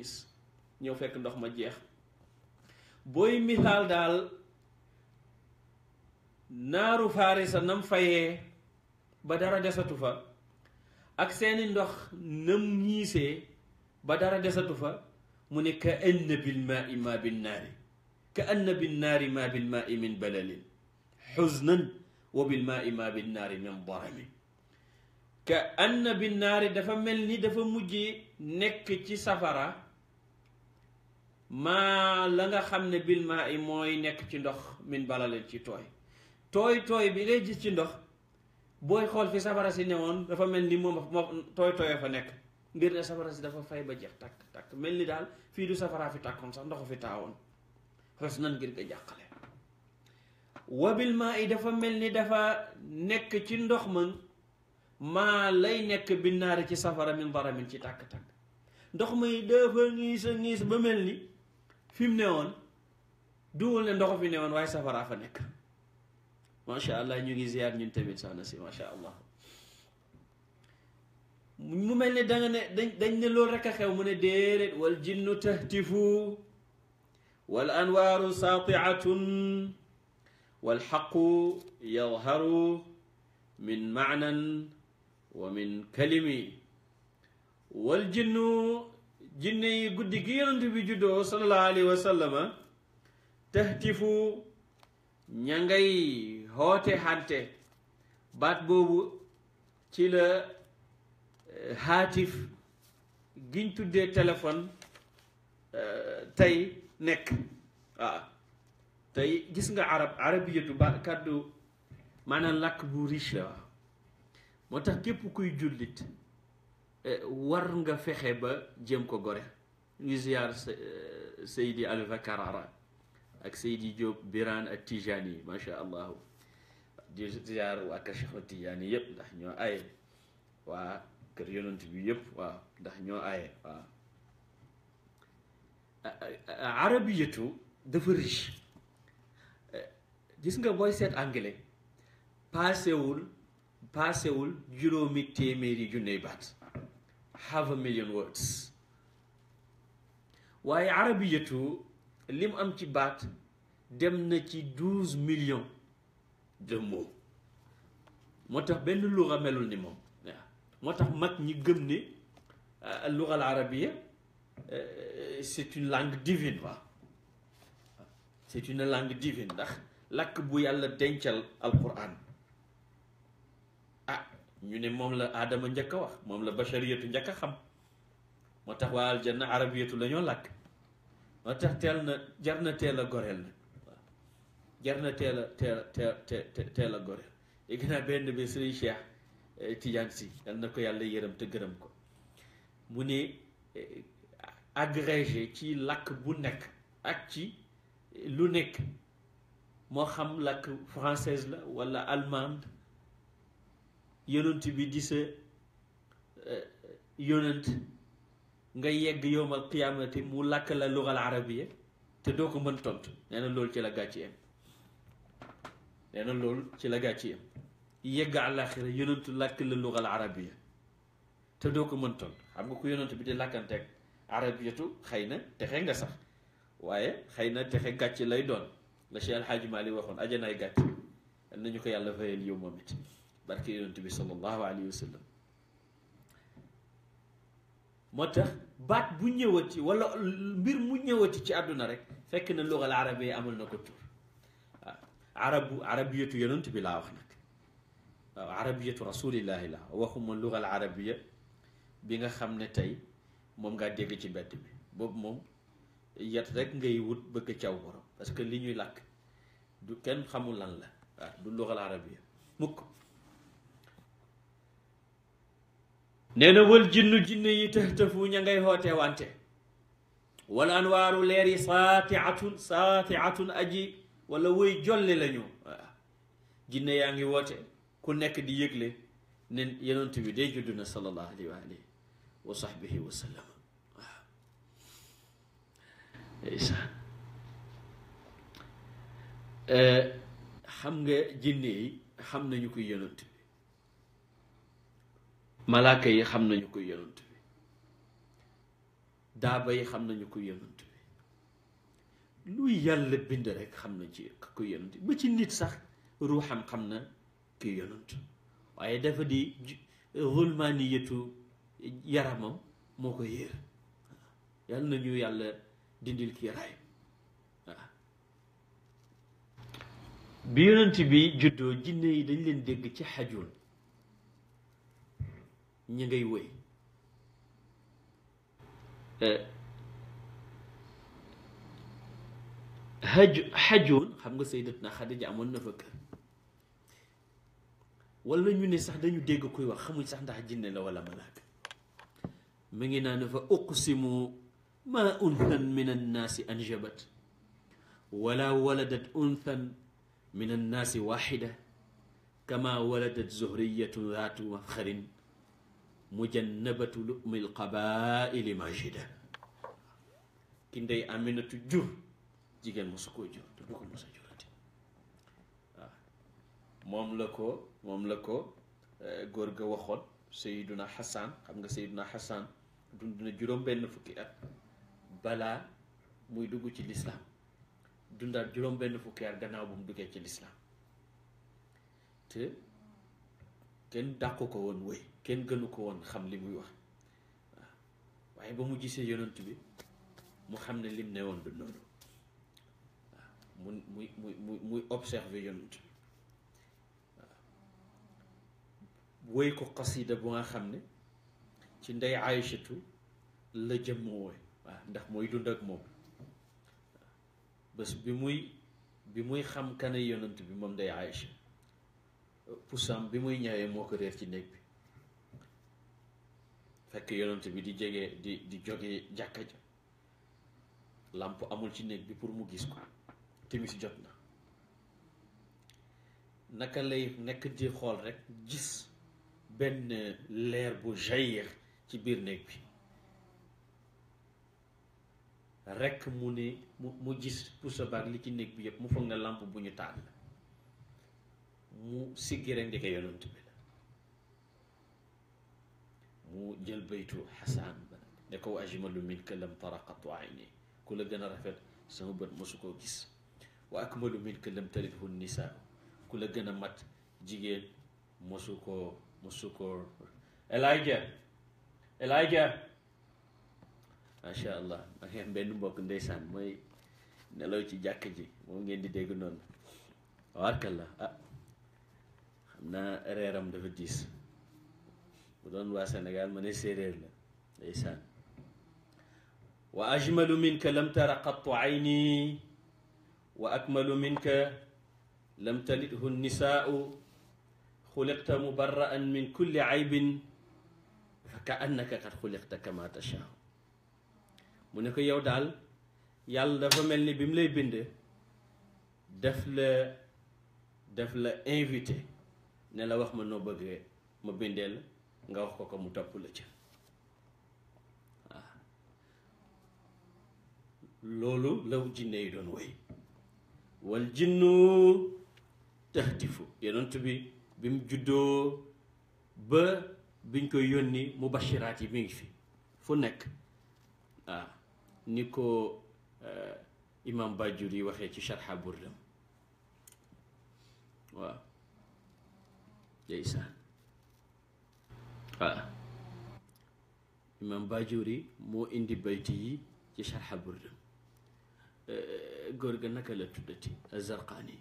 ñëw fekk ndox ma jeex booy misaal daal naaru farisa nam fayee ba dara desatu fa ak seeni ndox nam ñiisee ba dara desatu fa mu ne ka ann bilmaai ma binnaari ka ann binnaari ma bilmaai min balalin xusnan wa bilmaai ma binnaari min daramin ka ann binnaari dafa mel ni dafa mujj nekk ci safara maa la nga xam ne bilmaai mooy nekk ci ndox min balalin ci tooy tooy tooy bi ngay gis ci ndox booy xool fi safara si newoon dafa mel ni moom moo tooy tooy fa nekk ngir ne safara si dafa fay ba jeex takk takk mel ni daal fii du safaraa fi tàkkoon sax ndoxu fi taawoon xos nan ngir yi dafa mel ni dafa nekk ci ndox man maa lay nekk binnaari ci safara min daramin ci tàkk-tàkk ndox may dafa ngiis a ngiis ba mel ni fi mu ne woon duwul ne ndoxu fi ne woon waaye safaraa fa nekk macha allah ñu ngi ziyaar ñun tamit soxna si macha allah mu mel ne danga ne dañ xew mu ne déedéet wal jinnu tahtifu wal anwaaru saatiatun wal xaqu yadharu min maanan wa min kalimi wal jinnu jinne guddi gi bi juddoo sallallahu alayhi tahtifu ña ngay xoote xante baat boobu haatif giñ tuddee téléphone euh, tey nekk waaw tey gis nga arab arabiyatu ba kàddu maanaam làkk bu riche moo tax képp kuy jullit euh, war nga fexe ba jéem ko gore ñu ziyaar euh, Seydi Alfa Karara ak Seydi Diop Birane ak Tijani yi macha allah ziyaar waa Kër Cheikh Tijani yëpp ndax ñoo ay kër yonent bi yëpp waaw ndax ñoo aaye waaw arabiyatu dafa riche eh, gis nga booy seet anglais paasewul paasewul juróomi téeméeri junney baat half a million words waaye arabiyatu li mu am ci baat dem na ci douze millions de mots moo tax benn luxa melul ni moom moo tax mag ñi gëm ni euh, lugal arabiya euh, c'est une langue divine waaw c'est une langue divine ndax làkk bu yàlla dencal alquran ah ñu ne moom la aadama njëkk a wax moom la bashariyatu njëkk a xam moo tax waa aljanna arabiyatu la ñoo làkk moo tax teel na jar na teel a goreel nag jar na teela a teel a teel a goreel dégg benn bi sëriñ Cheikh Eh, tijaan si yal na ko yàlla yërëm te gërëm ko mu ne eh, agrégé ci làkk bu nekk ak ci lu nekk moo xam làkk française la walla allemande yonent bi di sa eh, yonent nga yegg yowmal qiyaamati mu làkk la lugal arabie te doo ko mën tontu nee lool ci la gàcce am nee na ci la gàcce am yegg àllaaxira yonentu làkk la lugal arabiya te doo ko mën ton xam nga ko yonent bi di làkkanteeg arabiyatu xëy na texe nga sax waaye xëy na texe gàcc lay doon la Cheikh El Hadj Mali waxoon ajanaay gàcc nañu ko yàlla fa yow moom it barke yonent bi sallallahu alayhi wa moo tax baat bu ñëwati wala mbir mu ñëwati ci àdduna rek fekk na lugal arabiya amul na ko tur waaw arabu arabiyatu yonent bi laa wax nag waaw arabiyatu rasulillahi la waxuma luxal arabiya bi nga xam ne tey moom ngaa dégg ci mbedd bi boobu moom yet rek ngay wut bëgg caw borom parce que li ñuy làkk du kenn xamul lan la waaw du luxal arabiya mukk nee na wal jinnu jinne yi tëxtëfu ña ngay xoote wante wala anwaaru leer yi saatiatun saatiatun aji wala woy jolli lañu waaw jinne yaa ngi woote ku nekk di yëgle ne yonent bi day judd na sallallahu alayhi wa sax wa wa sallam waaw eh, xam nga jinne yi xam nañu ko yonent bi malaaka yi xam nañu ko yonent bi daaba yi xam nañu ko yonent bi lu yàlla bind rek xam na ci ku yonent bi ba ci nit sax ruuxam xam na kii yonant waaye dafa di rulmaani yetu yaramam moo ko yéer yal na yàlla dindil kii raay waaw bi yonant bi juddoo jinne yi dañ leen dégg ci xajul ñi ngay wëy eh, xaju xajun xam nga sayyidatna Xadija amoon na fa kër wala ñu ne sax dañu dégg kuy wax xamuñ sax ndax jinne la wala malaaka mu ngi naan fa uqsimu ma unthan min annaasi anjabat wala waladat unthan min annaasi waxida kama waladat zuhriyatu zaatu mafxarin mujannabatu lumi lqabaili majida ki ndey aminatu jur jigéen mosu koo jur te du ko mos a jurati waaw moom la ko moom la ko eh, góor ga waxoon Seyduna Xasaan xam nga Seyduna Xasaan dund na juróom benn fukki at balaa muy dugg ci lislaam dundaat juróom benn fukki at gannaaw bu mu duggee ci lislaam te kenn dàqu ko woon wëy kenn gënu ko woon xam li muy wax waaye ba mu gisee yonent bi mu xam ne lim ne woon du noonu waaw mu muy muy muy muy observé yonent woy ko xasida bu nga xam ne ci ndey Aïchatu la jëmm wooy waaw ndax mooy dund ak moom bés bi muy bi muy xam kana yonant bi moom ndey Aïcha poussam bi muy ñëwee moo ko réer ci néeg bi fekk yonant bi di jege di di jóge jàkka ja làmp amul ci néeg bi pour mu gis ko timis jot na naka lay nekk di xool rekk gis benn leer bu jayeex ci biir néeg bi rekk mu ne mu mu gis pousa baag li ci néeg bi yëpp mu foog na làmp bu ñu taal la mu siggi rek ndeke yonent bi la mu jël baytu xasaan ba ne ko ajmalu minka lam tara qattu ayni ku la gën a rafet sama bët mosu koo gis wa akmalu minka lam tarithu nisaa ku la gën a mat jigéen mosu ko musu ko Elijah Elijah macha allah ma ngi benn mbokk ndeysaan mooy nelaw ci jàkk ji moom ngeen di dégg ah xam naa reeram dafa diis bu doon waa Sénégal ma ne séeréer la ndeysaan wa lam tara qattu ayni wa akmalu minka lam talithu nisaau xuliqta mubarraan min kulli aybin fa ka annaka qad xuliqta kama tashaa mu ne ko yow daal yàlla dafa mel ni bi mu lay bind def la def la invité ne la wax ma noo bëggee ma bindeel nga wax ko ko mu topp la ca waaw loolu law jinne yi doon woy wal jinnu tahtifu yonent bi bi mu juddoo ba biñ ko yónni mubashiraat yi mi ngi fi fu nekk ah, ni ko eh, imam Bajuri yi waxee ci sharha burdam waaw ndeysaan waaw ah. imam Bajuri yi moo indi bayti yi ci sharha burdam eh, góor ga naka la tuddati Azarqaani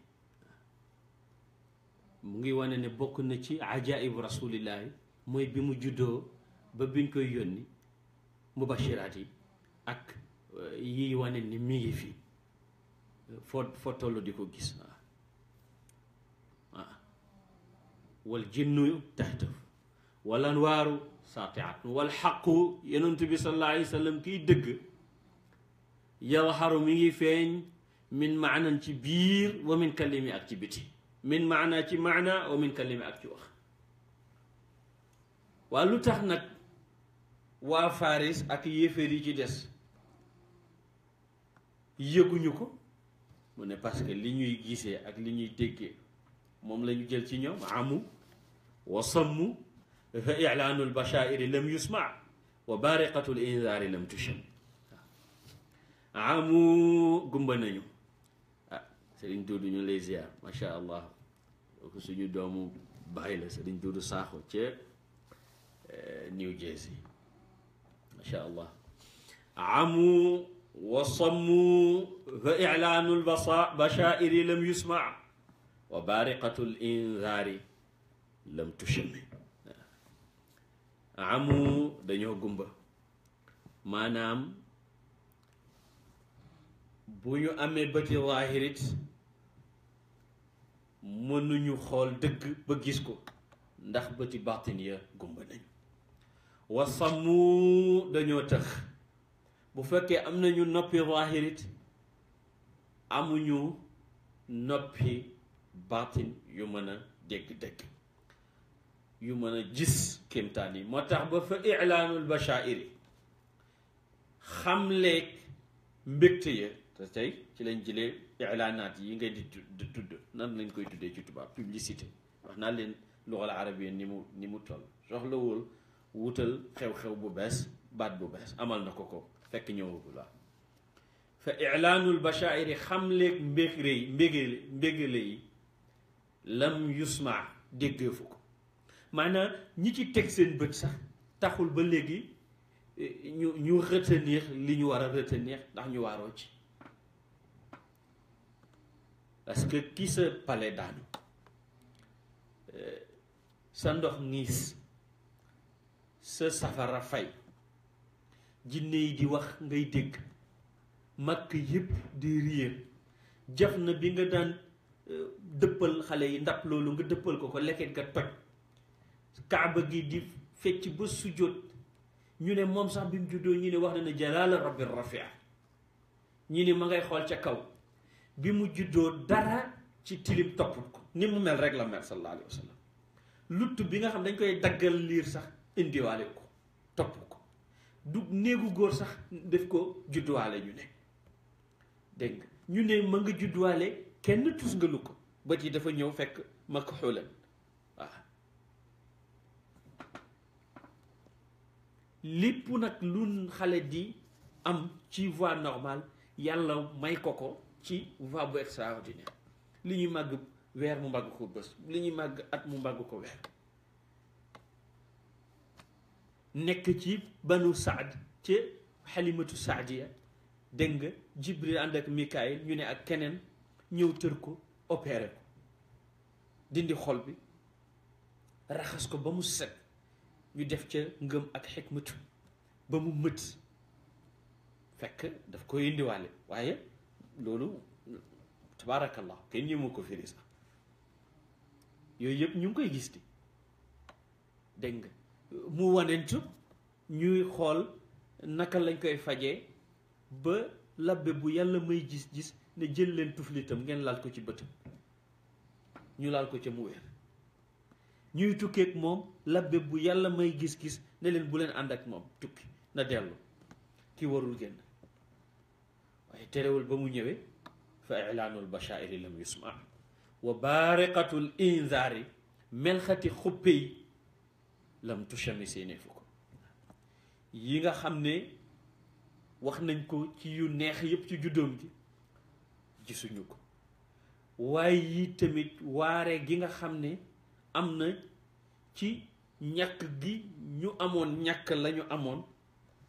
mu ngi wane ne bokk na ci ajaib rasulillahi mooy bi mu juddoo ba biñ koy yónni mubashiraat yi ak uh, yi wane ni mu ngi fi foo foo di ko gis waaw ah. ah. waaw wal jinnu taxtaf wal anwaaru saatiat wal xaqu yonent bi sallallahu alayhi wa sallam kiy dëgg yadharu mi ngi feeñ min maanan ci biir wa min kalimi ak ci biti min maana ci maana wa ak ci waa lu tax nag waa Faris ak yéeféer yi ci des yëguñu ko mu ne parce que li ñuy gisee ak li ñuy déggee moom lañu jël ci ñoom amu wa sammu fa ilaanu lbachairi lam yusma wa bariqatu l inzaari lam tusham amu gumba nañu sëriñ Duudu ñu lay ziar macha allah kooku suñu doomu bàyyi la sëriñ Duudu Saaxo ca eh, New Jersey macha allah amu wa sammu fa ilaanu lbasa bashairi lam yusma wa bariqatu l inzaari lam tushami amu dañoo gumba maanaam bu ñu amee bëti waahirit mënuñu xool dëgg ba gis ko ndax bëti baatin ya gumba nañu wasamu dañoo tëx bu fekkee am nañu noppi waahirit amuñu noppi baatin yu mën a dégg-dégg yu mën a gis kémtaan yi moo tax ba fa ilaanul bashaa'iri xamleeg mbégte ya te tey ci lañ jilee ilaanaat yi nga di di tudd nan lañ koy tuddee ci tubaab publicité wax naa leen luxal arab yi ni mu ni mu toll wool wutal xew-xew bu bees baat bu bees amal na ko ko fekk ñëwagul la fa ilaanul bashaa'iri xamleeg mbégré yi mbégéle mbégéle yi lam yusma déggeefu ko maanaam ñi ci teg seen bët sax taxul ba léegi eh, ñu ñu retenir li ñu war a retenir ndax ñu waaroo ci parce que ki sa pale daanu euh, sa ndox ngiis sa safara fay jinne yi di wax ngay dégg màkk yépp di riir jaf na bi nga daan euh, dëppal xale yi ndap loolu nga dëppal ko ko leket ga toj kaaba gi di fecc ba sujjóot ñu ne moom sax bi mu juddoo ñu ne wax na ne jalaala rabbi rafia ñu ne ma ngay xool ca kaw bi mu juddoo dara ci tilim toppul ko ni mu mel rek la mel sallallahu alayhi wa bi nga xam dañ koy daggal liir sax indiwaale ko topp ko du néegu góor sax def ko judduwaale ñu ne dégg nga ñu ne ma nga judduwaale kenn tus nga lu ko bët yi dafa ñëw fekk ma ko xoolan waaw nag lu xale di am ci voie normale yàlla may ko ko ci voie bu extraordinaire li ñuy màgg weer mu màgg ko bés li ñuy màgg at mu màgg ko weer nekk ci banu saad ci xalimatu saadiya dégg nga jibril ànd ak mikaayil ñu ne ak keneen ñëw tër ko opeere ko dindi xol bi raxas ko ba mu set ñu def ca ngëm ak xikmatu ba mu mët fekk daf koy indiwaale waaye loolu tabaarakallah kenn ñëw ma ko firi sax yooyu yëpp ñu ngi koy gis di dégg nga mu wanentu ñuy xool naka lañ koy fajee ba labbe bu yàlla may gis-gis ne jël leen tuflitam ngeen laal ko ci bëtam ñu laal ko ca mu wér ñuy tukkeek moom labbe bu yàlla may gis-gis ne leen bu leen ànd ak moom tukki na dellu ki warul génn terewul ba mu ñëwee fa ilaanul bashairi lam yusma wa baariqatul inzaari melxati xuppe yi lam tushami séenéefu ko yi nga xam ne wax nañ ko ci yu neex yépp ci juddoom gi gisuñu ko waaye yi tamit waare gi nga xam ne am na ci ñàkk gi ñu amoon ñàkk lañu amoon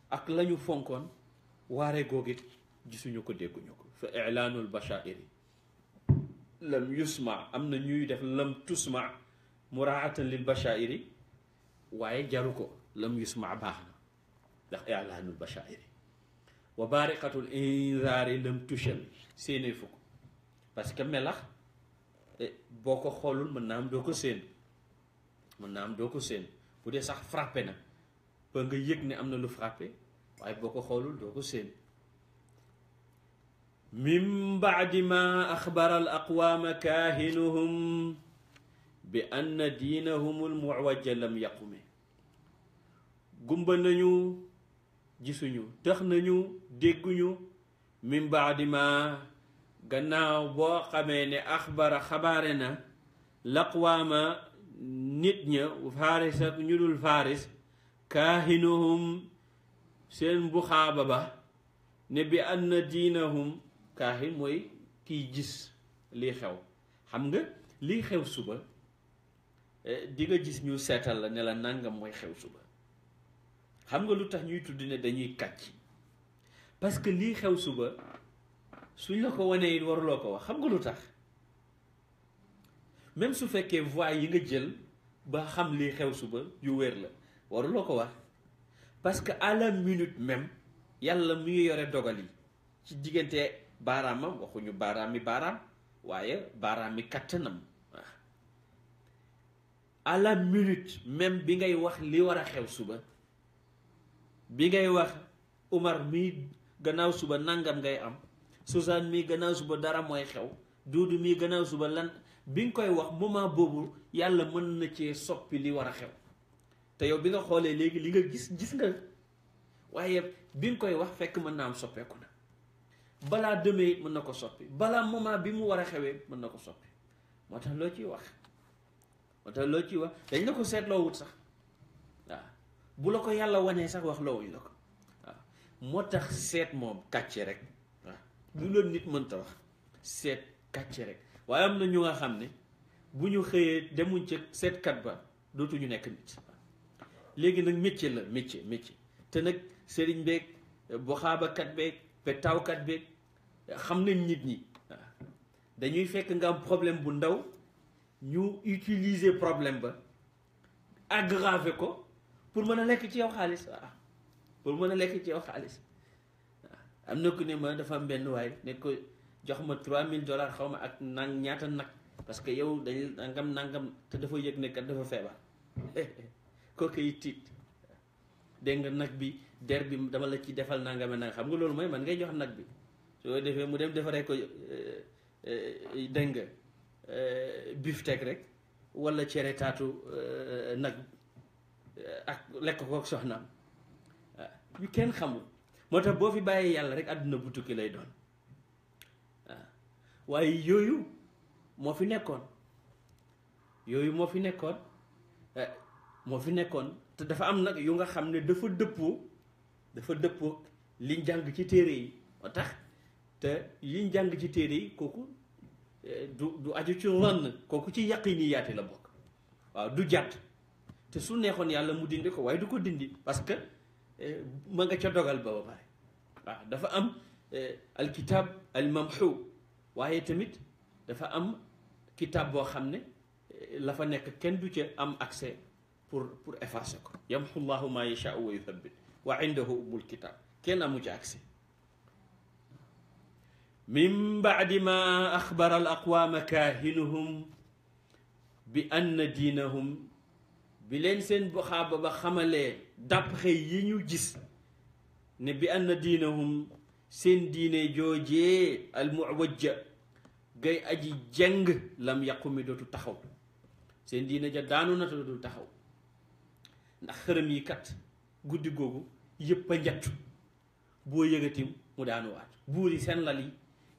ak lañu fonkoon waare googu gisuñu ko dégguñu ko fa ilaanul bashairi lam yusma am na ñuy def lam tusma muraatan lil bashairi waaye jaru ko lam yusma baax na ndax ilaanul bashairi wa baariqatul inzaari lam tushami séenee fukk parce que melax eh, boo ko xoolul mën naa am doo ko séen mën naa am doo ko séen bu dee sax frappé na ba nga yëg ni am na lu frappé waaye boo ko xoolul doo ko séen min bacdi ma axbara al aqwaama kaahinuhum bi anna diinahum al lam yaqume gumba nañu gisuñu tëx nañu dégguñu min bacdi ma gannaaw boo xamee ne axbara xabaare na laqwaama nit ña faaris ñu dul faaris kaahinuhum seen buxaaba ba ne bi anna diinahum kaahin mooy kiy gis lii xew xam nga lii xew suba eh, di nga gis ñu seetal la ne la nangam mooy xew suba xam nga lu tax ñuy tudd ne dañuy kàcc parce que lii xew suba suñ la ko wanee it waruloo ko wax xam nga lu tax même su fekkee voie yi nga jël ba xam lii xew suba yu wér la waruloo ko wax parce que à la minute même yàlla mu ngi yore dogal yi ci diggante baaraamam waxuñu baaraami baaraam waaye baaraami kàttanam waaw à la minute même bi ngay wax li war a xew suba bi ngay wax Umar mii gannaaw suba nangam ngay am Suzanne mi gannaaw suba dara mooy xew Duudu mii gannaaw suba lan bi nga koy wax moment boobu yàlla mën na cee soppi li war a xew te yow bi nga xoolee léegi li nga gis gis nga waaye bi nga koy wax fekk mën naa am soppeeku balaa demee mën na ko soppi balaa moment bi mu war a xewee mën na ko soppi moo tax loo ciy wax moo tax loo ciy wax dañ la ko seetloo wut sax waaw bu la ko yàlla wanee sax wax loowuñ la ko waaw moo tax seet moom kàcce rek waaw lu leen nit mënta wax seet kàcce rek waaye am na ñu nga xam ne bu ñu xëyee demuñ ca seetkat ba dootuñu nekk léegi nag métier la métier métier te nag sëriñ beeg boxaabakat beeg petawkat beeg xam nañ nit ñi dañuy fekk nga am problème bu ndaw ñu utiliser problème ba aggraver ko pour mën a lekk ci yow xaalis waaw ah, pour mën a lekk ci yow xaalis ah, am na ku ne ma dafa am benn waay ne ko jox ma 3000 dollars xaw ma ak nang ñaata nag parce que yow dañuy nangam nangam te dafa yëg ne dafa feebar kooku yi tiit dégg nga nag bi der bi dama la ci defal nangam nangam xam nga loolu mooy man ngay jox nag bi. su ko defee mu dem defaree ko eh, eh, dégg nga eh, biftek rek wala cere taatu nag ak lekk kook soxnaam ah, yu kenn xamul moo tax boo fi bàyyee yàlla rek àdduna bu tukki lay doon ah, waaye yooyu moo fi nekkoon yooyu moo fi nekkoon moo fi nekkoon te dafa am nag yu nga xam ne dafa dëppoo dafa dëppoo li jàng ci téere yi moo tax te yiñ jàng ci téere yi kooku eh, du du aju ci rann kooku ci yaqiniyaati la bokk waaw du jàdd te su neexoon yàlla mu dindi ko waaye du ko dindi parce que eh, ma nga ca dogal ba ba pare waaw dafa am eh, alkitab almamxu waaye tamit dafa am kitab boo xam ne la fa nekk kenn du ca am accès pour pour efface ko yamxu llahu ma yashaau wa yuthabbit wa indahu umul kitab kenn amu ci accès min bacdi ma axbara al kaahinuhum bi anna diinahum bi leen seen buxaaba ba xamalee d'après yi ñu gis ne bi na diinahum seen diine joojee al muwajja gay aji jeng lam yàqu mi dootu taxaw seen diine ja daanu na dootu taxaw ndax xërëm yi kat guddi googu yëpp a njattu boo yëgatim mu daanuwaat buur yi seen lal yi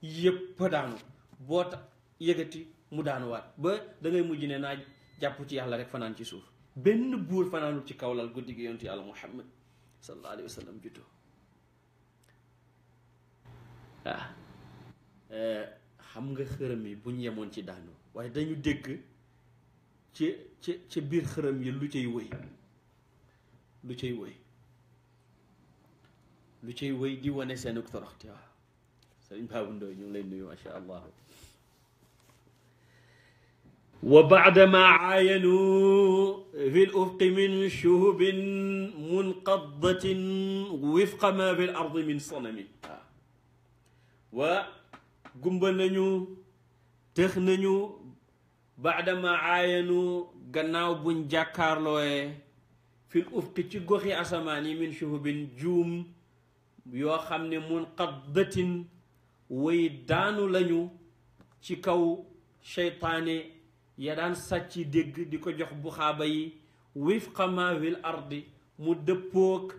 yëpp daanu boo ta yëgati mu daanuwaat ba dangay ngay mujj ne naa jàpp ci yàlla rek fanaan ci suuf benn buur fanaanul ci kaw lal guddi gi yontu yàlla muhammad sallallahu alayhi wa ah, eh, xam nga xërëm yi bu ñu yemoon ci daanu waaye dañu dégg ci ci ci biir xërëm yi lu ciy wëy lu ciy wëy lu ciy wëy di wane seen ak sëriñ Baabu Ndooy ñu ngi lay nuyu macha allah wa baada ma aayanu fi l ufqi min shuhubin munqadatin wifqa ma fi l ardi min sanami wa gumba nañu tëx nañu baada ma aayanu gannaaw buñ jàkkaarlooyee fi l ufqi ci goxi asamaan yi min shuhubin juum yoo xam ne munqadatin way daanu lañu ci kaw seytaane ya daan sàcc dégg di ko jox buxaaba yi wifqa ma ardi mu dëppook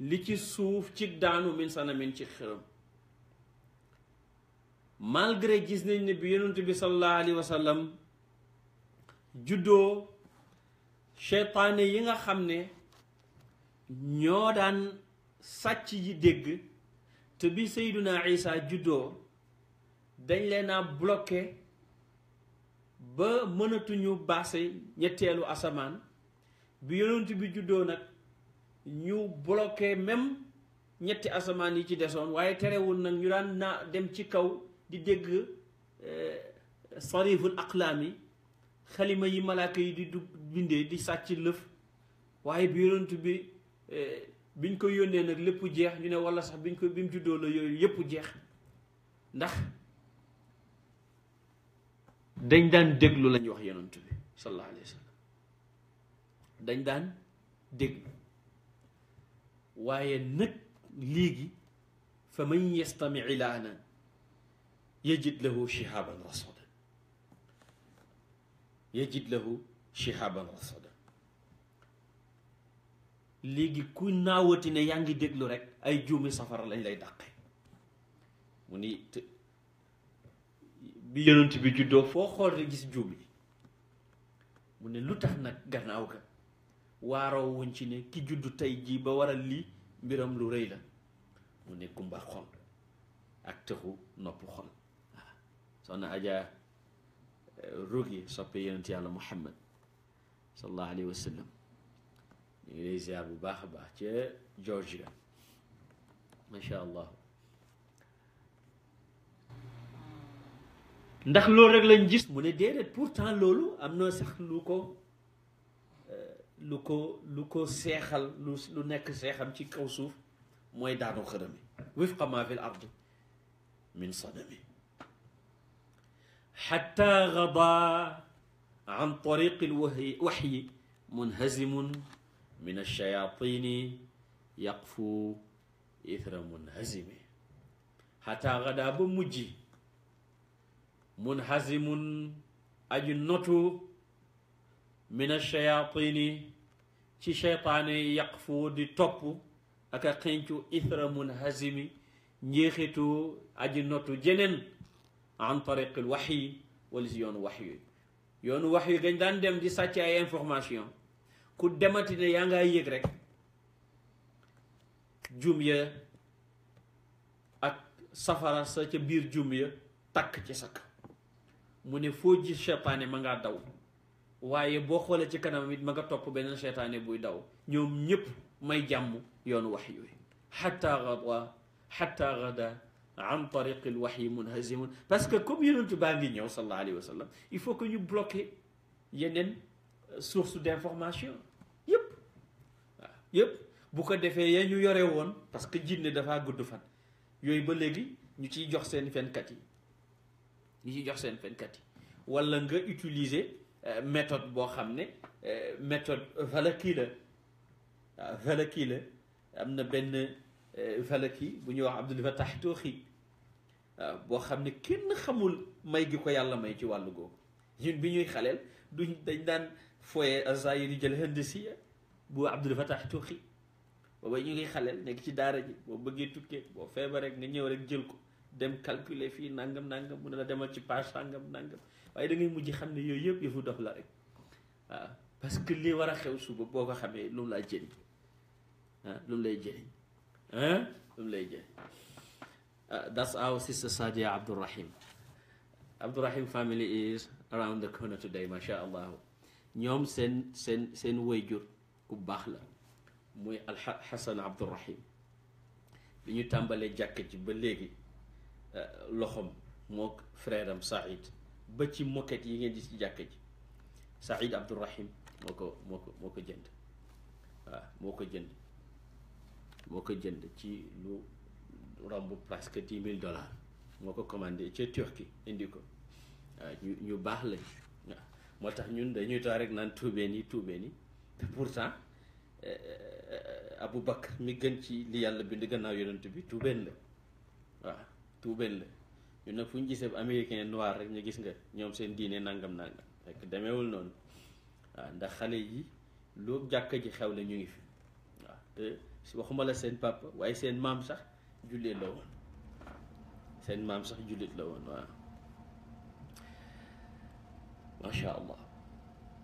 li ci suuf ci daanu min sanamin ci xëram malgré gis nañ ne bi yonent bi sallallahu alayhi wa juddoo seytaane yi nga xam ne ñoo daan sàcc yi dégg te bi Seyduna Isa juddoo dañ leen a bloqué ba mënatuñu baase ñetteelu asamaan bi yonent bi juddoo nag ñu bloqué même ñetti asamaan yi ci desoon waaye terewul nag ñu daan na dem ci kaw di dégg eh, sariful aqlaam yi xalima yi malaaka yi di du bindee di sàcc lëf waaye bi yonent bi eh, biñ ko yónnee nag lépp jeex ñu ne walla sax biñ ko bi mu juddoo la yooyu yépp jeex ndax dañ daan déglu lañu wax yonent bi sallallahu alayhi wa sallam dañ daan déglu waaye nag léegi fa man yastami ilaana yajid lahu shihaban rasada yajid lahu shihaban rasada léegi ku naawati ne yaa ngi déglu rek ay juumi safara lañ lay dàqe mu ni bi yonent bi juddoo foo xool rek gis juumi mu ne lu tax nag gannaaw ga waaroo wuñ ci ne ki juddu tey jii ba waral lii mbiram lu rëy la mu ne kumba xol ak tëxu nopp xol waaw soxna Aja eh, Rugi soppe yonent yàlla Muhammad sallallahu alayhi wa sallam ñu ngi lay ziar bu baax a baax ca Georgia macha allah. ndax loolu rek lañ gis mu ne déedéet pourtant loolu am na sax lu ko euh, lu ko lu ko seexal lu lu nekk seexam ci kaw suuf mooy daanu xërëmi wifqa ma fi l ard min sadami xatta gada an tariqi l waxyi munhazimun min alchayatini yaqfu ithra munhazimi xataa xadaa ba mujj munhazimun aji notu min alchayatini ci cheytaane yaqfu di topp ak a xencu ithra munhazimi njeexitu aji notu jeneen an tariqil waxyi wala si yoonu wax yu yoonu wax yu gañ daan dem di sàcc ay information ku demati ne yaa ngaa yéeg rek jum ak safara sa ca biir jum takk ci sakk mu ne foo gis seytaane ma ngaa daw waaye boo xoolee ci kanam it ma nga topp beneen seytaane buy daw ñoom ñépp may jàmm yoonu wax yooyu xatta gada xatta gada an tariqi lwaxyi munhazimun parce que comme yonentu baa ngi ñëw sallallahu il faut que ñu bloquer yeneen source d'information yëpp bu ko defee ya ñu yore woon parce que jinne dafaa gudd fan yooyu ba léegi ñu ciy jox seen fenkat yi ñu ciy jox seen fenkat yi walla nga utiliser euh, méthode boo xam ne euh, méthode valaki la waaw valaki la am na benn euh, valaki bu ñuy wax Abdul Fatah Tooxi waaw boo xam ne kenn xamul may gi ko yàlla may ci wàllu googu ñun bi ñuy xaleel du dañ daan fooye azayir yi jël hënd bu Abdul Fatah Tuuxi booba ñu ngi xaleel nekk ci daara ji boo bëggee tukkee boo feebareek nga ñëw rek jël ko dem calculer fii nangam nangam mu ne la demal ci page sangam nangam waaye da ngay mujj xam ne yooyu yëpp yëfu dof la rek parce que lii war a xew suba boo ko xamee lu mu laa jëriñ ah lu mu lay jëriñ ah lu mu lay jëriñ ah, that's our sister Sadia Abdourahim Abdourahim family is around the corner today macha allah ñoom seen seen seen wayjur ku baax la muy alxa Xasan Abdurahim bi ñu tàmbalee jàkk ji ba léegi euh, loxoom moo frère am Saïd ba ci moquette yi ngeen di ci jàkka ji Saïd Abdurahim moo ko moo ko moo ko jënd waaw moo ko jënd moo ko jënd ci lu romb presque dix mille dollars moo ko commandé ca Turquie indi ko waaw ñu ñu baax lañ waaw moo tax ñun dañuy toog rek naan tuubeen yi tuubeen yi te pourtant euh, euh, Abu Bakr mi gën ci li yàlla bind gannaaw yonent bi tuubeen la waaw tuubeen la ñun nag fu ñu gisee américain noir rek ñu gis nga ñoom seen diine nangam nangam fekk demeewul noonu waaw ndax xale yi loo jàkka ji xew la ñu ngi fi waaw te waxuma la seen papa waaye seen maam sax jullit la woon seen maam sax jullit la woon waaw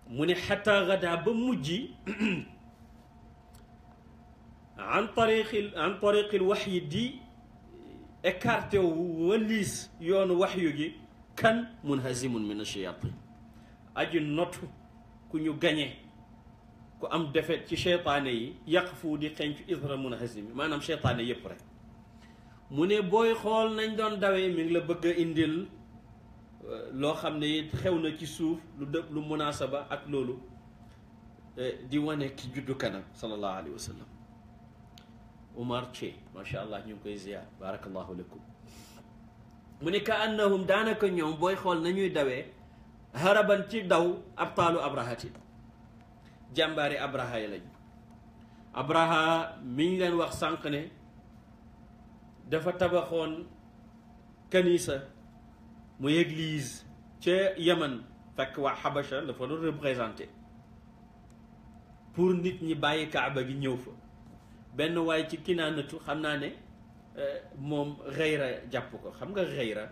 mu ne xataa gada ba mujj an tariqi an tariqil wax yi di écarté wu waliis yoonu wax yu gi kan munhazimun min ash-shayatin aji notu ku ñu gañe ku am defet ci cheytaane yi yàq fu di xencu isra munhazim maanaam cheytaane yépp rek mu ne booy xool nañ doon dawee mi ngi la bëgg a indil Euh, loo xam ne it xew na ci suuf lu dëpp lu munaasaba ak loolu euh, di wane ki juddu kanam sallallahu alayhi wa sallam Umar Thié macha allah ñu koy ziar barakallahu lakum mu ne ka annahum daanaka ñoom booy xool nañuy dawee haraban ci daw abtaalu abrahati jàmbaari abraha yi lañ abraha miñ leen wax sànq ne dafa tabaxoon kanisa muy église ca Yaman fekk waa Xabasha la fa doon représenté pour nit ñi bàyyi kaaba gi ñëw fa benn waaye ci kinaanatu xam naa ne euh, moom xëyra jàpp ko xam nga xëyra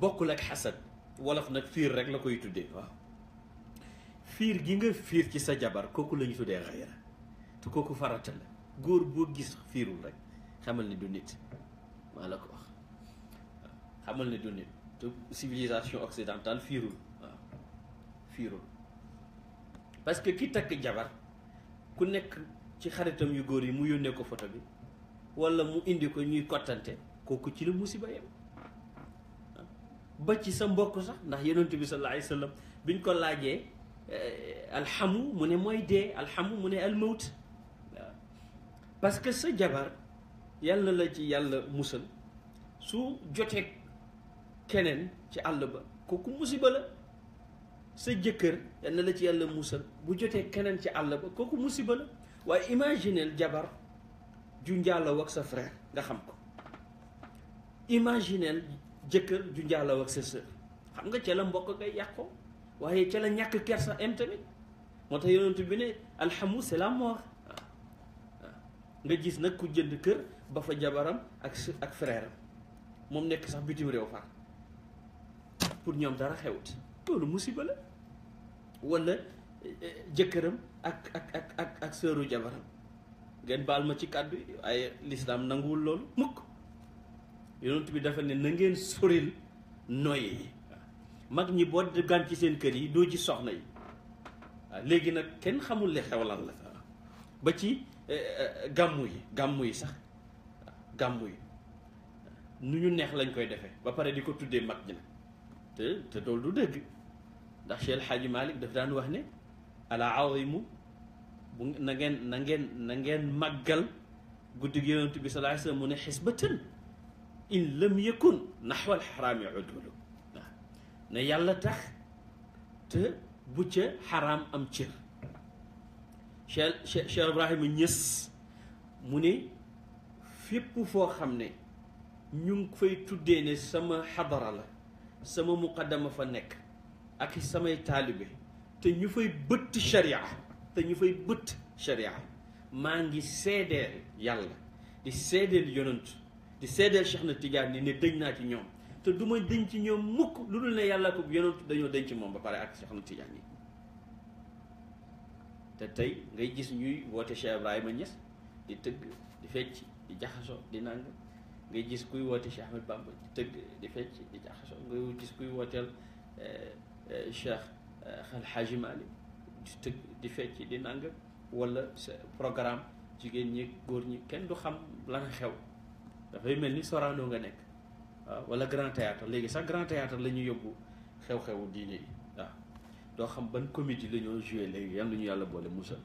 bokkul ak xasad wolof nag fiir rek la koy tuddee fiir gi nga fiir ci sa jabar kooku la ñu tuddee xëyra te kooku farata la góor boo gis fiirul rek xamal ni du nit maa la ko wax civilisation occidentale fiirul waaw fiirul parce que ki takk jabar ku nekk ci xaritam yu góor yi mu yónnee ko photo bi walla mu indi ko ñuy kottante kooku ci la musiba yem ba ci sa mbokk sax ndax yonent bi sallallahu alayhi biñ ko laajee eh, alxamu mu ne mooy dee alxamu mu ne almawt parce que sa jabar yàlla la ci yàlla musal su jotee keneen ci àll ba kooku musiba la sa jëkkër yàlla la ci yàlla musal bu jotee keneen ci àll ba kooku musiba la waaye imagineel jabar ju njaaloo ak sa frère nga xam ko imagineel jëkkër ju njaaloo ak sa sœur xam nga ca la mbokk ngay ko waaye ca la ñàkk kersa am tamit moo tax yonent bi ne alxamu c'est la mort nga gis nag ku jënd kër ba fa jabaram ak ak frère moom nekk sax bitim réew far pour ñoom dara xewut loolu musiba la wala eh, eh, jëkkëram ak ak ak ak ak sëru jabaram ngeen baal ma ci kàddu ay listam nanguwul loolu mukk yonent bi dafa ne na ngeen soril noyyi yi mag ñi boo gan ci seen kër yi doo ci soxna yi léegi nag kenn xamul li xew lan la ba ci eh, gàmmu yi gàmmu yi sax gàmmu yi nu ñu neex lañ koy defee ba pare di ko tuddee mag ñi nag te te loolu du dëgg ndax Cheikh El Hadji daf daan wax ne ala azimu bu na màggal guddi gi yonent bi sallallahu alayhi wasallam mu ne xisbatan in lam yakun naxwal xaraami udulu waaw ne yàlla tax te bu ca xaraam am cër Cheikh Cheikh Ibrahima Ñas mu ne fépp foo xam ne ñu ngi fay tuddee ne sama xadara la sama muqaddama fa nekk ak samay taalibe te ñu fay bëtt sharia te ñu fay bëtt sharia maa ngi seedeel yàlla di seedeel yonant di seedeel Cheikh na Tidiane ni ne dëñ naa ci ñoom te duma ma ci ñoom mukk lu dul ne yàlla ko yonant dañoo denc moom ba pare ak Cheikh na Tidiane yi te tey ngay gis ñuy woote Cheikh ma Niass di tëgg di fecc di jaxasoo di nang ngay gis kuy woote Cheikh Ahmed Bamba di tëgg di fecc gis kuy wooteel eh, eh, Cheikh eh, Al Hadji di tëgg di fecc di nang wala sa programme jigéen ñi góor ñi kenn du xam lan xew dafay mel ni Sorano nga nekk waaw wala Grand Théâtre léegi sax Grand Théâtre la ñu yóbbu xew-xewu diine yi waaw doo xam ban comédie la ñoo joué léegi yan ñu yàlla boole musal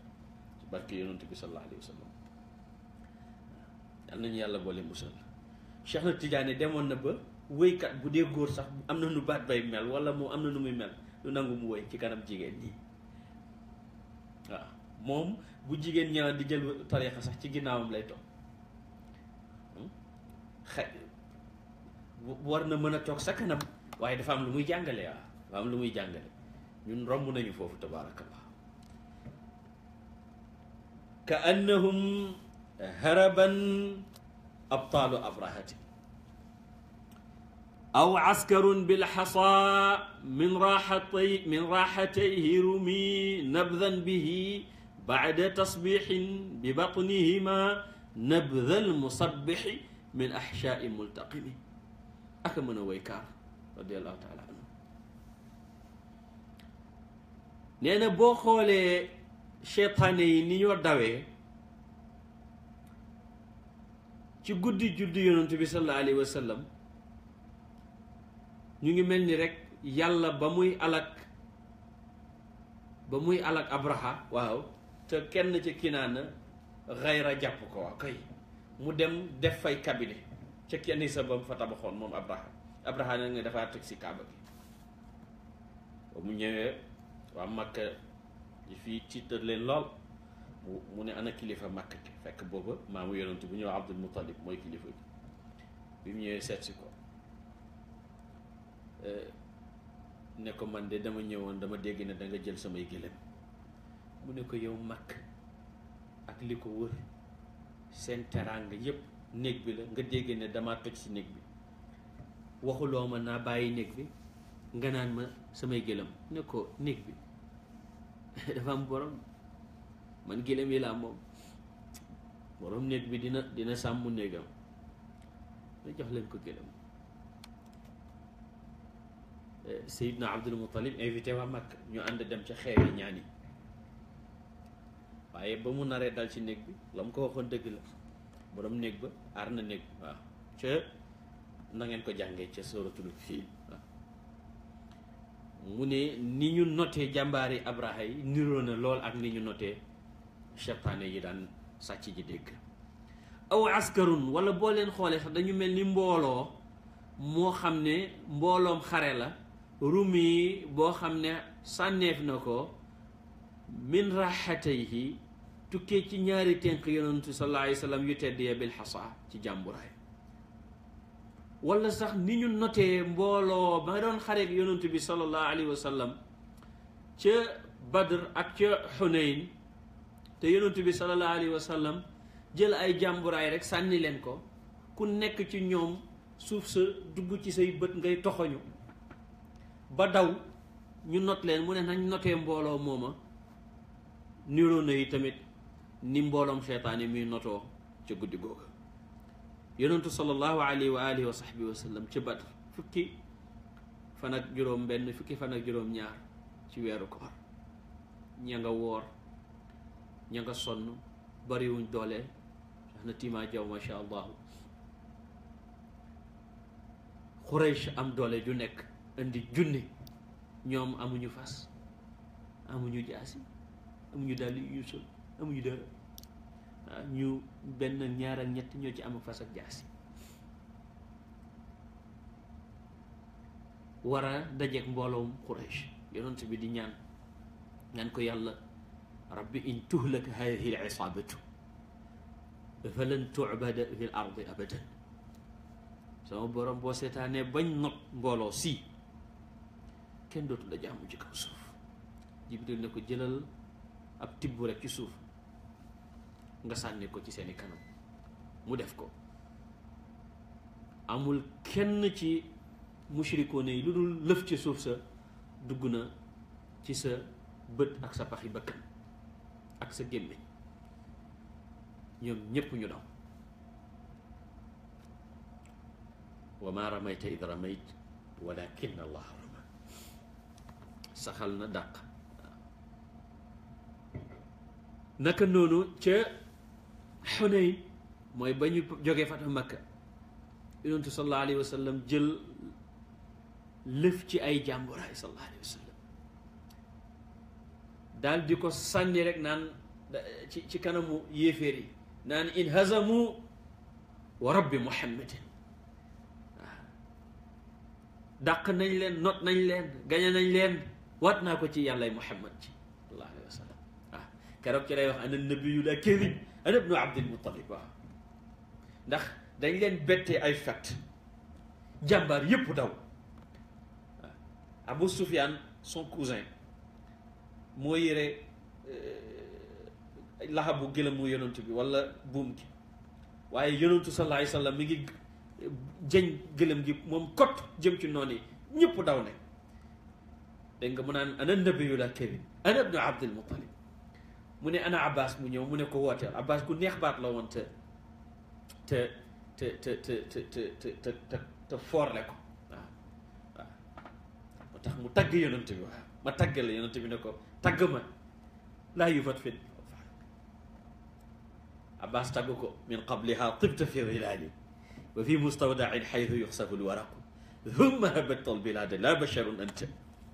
ci barke yonent bi sallallahu alayhi wa na ñu yàlla boole musal Cheikh na Tidiane demoon na ba wéykat bu dee góor sax am na nu baat bay mel wala moom am na nu muy mel lu nangu mu woy ci kanam jigéen ñi waaw moom bu jigéen ñaa di jël tariixa sax ci ginnaawam lay toog hmm? xaj war na mën a toog sa kanam waaye dafa am lu muy jàngale waaw dafa am lu muy jàngale ñun romb nañu foofu tabaarakallah ka annahum هربا أبطال أفرهته أو عسكر بالحصى من راحتي من راحتيه رمي نبذا به بعد تصبيح ببطنهما نبذ المصبح من أحشاء ملتقم أكمن ويكار رضي الله تعالى عنه nee na boo xoolee seytaane yi ni ñoo dawee ci guddi juddu yonent bi sallallahu alayhi wa ñu ngi mel ni rek yàlla ba muy alak ba muy alak abraha waaw te kenn ci kinaana xayra jàpp ko waaw kay mu dem def fay kabine ca kenn sa ba mu fa tabaxoon moom abraha abraha nag nga dafaa teg si kaaba gi ba mu ñëwee waa Makka fii tiital leen lool mu mu ne ana kilifa màkk ci fekk booba maamu yonent bu ñëw Abdul Muttalib mooy kilifa bi bi mu ñëwee seet si ko eh, ne ko man de dama ñëwoon dama dégg ne da jël samay gëléem mu ne ko yow màkk ak li ko wër seen teraanga yépp néeg bi la nga dégg ne damaa toj si néeg bi waxuloo ma naa bàyyi néeg bi nga naan ma samay gëléem ne ko néeg bi dafa am borom man giléem yi laa moom borom néeg bi dina dina sàmm néegam ma jox leen ko giléem eh, Seydina Abdul Muttalib invité waa Makka ñu ànd dem ca xeewi ñaan waaye ba mu naree dal ci néeg bi la mu ko waxoon dëgg la borom néeg ba aar na néeg bi ca na ngeen ko jàngee ca sóoratul fii mu ne ni ñu notee jàmbaari Abraha yi niroo na lool ak ni ñu notee cheytaane yi daan sàcc ji dégg aw askarun wala boo leen xoolee sax dañu mel ni mbooloo moo xam ne mbooloom xare la rumi boo xam ne sànneef na ko min raxatayhi tukkee ci ñaari tënk yonentu sallallahu alayhi wa sallam yu tedd ya bil xasa ci jàmburaay wala sax ni ñu notee mbooloo ba nga doon xare ak bi sallallahu alayhi wa sallam Badr ak ca Xunayn te yonent bi sallallahu alayhi wa jël ay jàmburaay rek sànni leen ko ku nekk ci ñoom suuf sa dugg ci say bët ngay toxoñu ba daw ñu not leen mu ne nañ notee mbooloo mooma niroo yi tamit ni mbooloom seytaane muy notoo ca guddi googa yonentu sallallahu alayhi wa alihi wa sahbihi wa ci bat fukki fan ak juróom benn fukki fan ak juróom ñaar ci weeru ko ña nga woor ña nga sonn bariwuñ doole tax na tiimaa jaw masha allahu Quraysh am doole ju nekk indi junni ñoom amuñu fas amuñu jaasi amuñu dàll yu sol amuñu dara ñu benn ñaar ak ñett ñoo ci am fas ak jaasi war a dajeek mbooloom Quraysh yonent bi di ñaan ñaan ko yàlla rabbi in tuhlak hadihi l isabatu falan tubada fi ardi abadan sama borom boo seetaanee bañ not mbooloo si kenn dootu la jaamu ci kaw suuf jibril ne ko jëlal ab tibb rek ci suuf nga sànni ko ci seeni kanam mu def ko amul kenn ci mushrikoone yi lu dul lëf ci suuf sa dugg na ci sa bët ak sa paxi bakkan ak sa gémmiñ ñoom ñépp ñu daw wa maa ramayta id ramayt walakin allah rama saxal na daq naka noonu ca xunayn mooy ba ñu jógee fata makka yonentu sallallahu alayhi wa jël lëf ci ay jàmboraay sallallahu alayhi wa daal di ko sànni rek naan ci ci kanamu yéeféer yi naan in hazamu wa rabbi muhammadin waaw dàq nañ leen not nañ leen gañe nañ leen waat naa ko ci yàllay muhammad ci sallallahu alayhi wa sallam waaw keroog ci lay wax ana nabiyu la kadib ana ibnu abdil muttalib waaw ndax dañ leen bettee ay fat jàmbaar yépp daw waaw abou soufiane son cousin moo yére laxabu gëlëm mu yonantu bi wala buum gi waaye yonantu sallallahu alayhi wasallam mi ngi jëñ gëlëm gi moom kot jëm ci noon yi ñëpp daw ne dégg nga mu naan ana nabiyu la kadib ana ibnu abdul muttalib mu ne ana abbas mu ñëw mu ne ko wooteel abbas ku neex baat la woon te te te te te te te te foorle ko waaw waaw moo tax mu tagg yonent bi waaw ma taggal yonent bi ne ko tagg ma laa yufat fit abbas tagg ko min qabliha tibta fi dilali wa fi mustawdain xaytu yuxsafu lwaraqu humma habatta albilada la basharun anta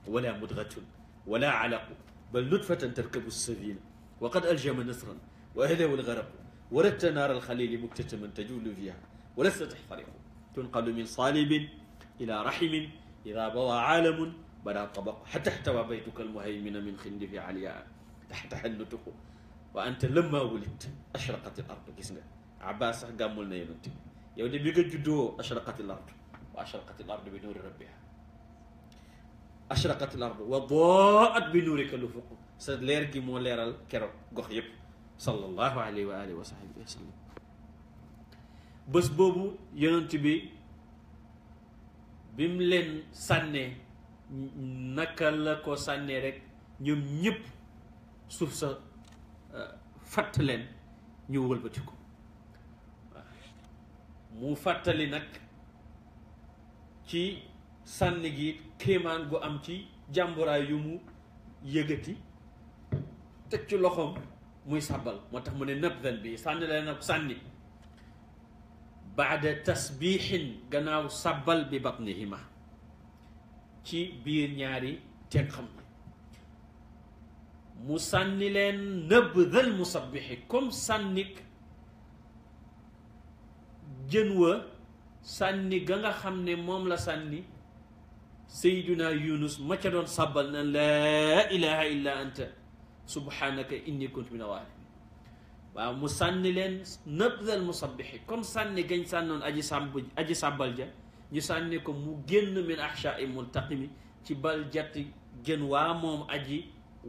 wala mudgatun wala alaqu bal nutfatan tarkabu lsafina wa qad aljama nasran wa ahlahu algaraqu ولدت نار الخليل مكتتما تجول فيها ولست تحترق تنقل من صالب إلى رحم إذا بوى عالم بدا طبق حتى احتوى بيتك المهيمن من خندف علياء تحت حنتك وأنت لما ولدت أشرقت الأرض gis nga Abbas sax gàmmul na yonent bi yow de bi nga juddoo أشرقت الأرض وأشرقت الأرض بنور ربها أشرقت الأرض وضاءت بنورك الأفق sa leer gi moo leeral keroog gox yëpp sallallahu alayhi wa alihi wa sahbihi wa sallam bés boobu yonent bi bi mu leen sànnee naka la ko sànnee rek ñoom ñëpp suuf sa euh, fàtt leen ñu wëlbati ko mu fàttali nag ci sànni gi kéemaan gu am ci jàmburaay yu mu yëgati teg ci loxoom muy sàbbal moo tax mu ne nabdan bi sànni leen ak sànni baada tasbiixin gannaaw sàbbal bi batnihima ci biir ñaari teen xam mu sànni leen nëb nabdal musabbixi comme sànnik jën wa sànni ga nga xam ne moom la sànni sayduna yunus ma ca doon sàbbal na laa ilaha illa anta subhanaka inni kuntu min awaalim waaw mu sànni leen nabdal musabbixi comme sànni gañ sànnoon aji aji sàbbal ja ñu sànni ko mu génn min ahsha i multaqimi ci bal jàtt gën waa moom aji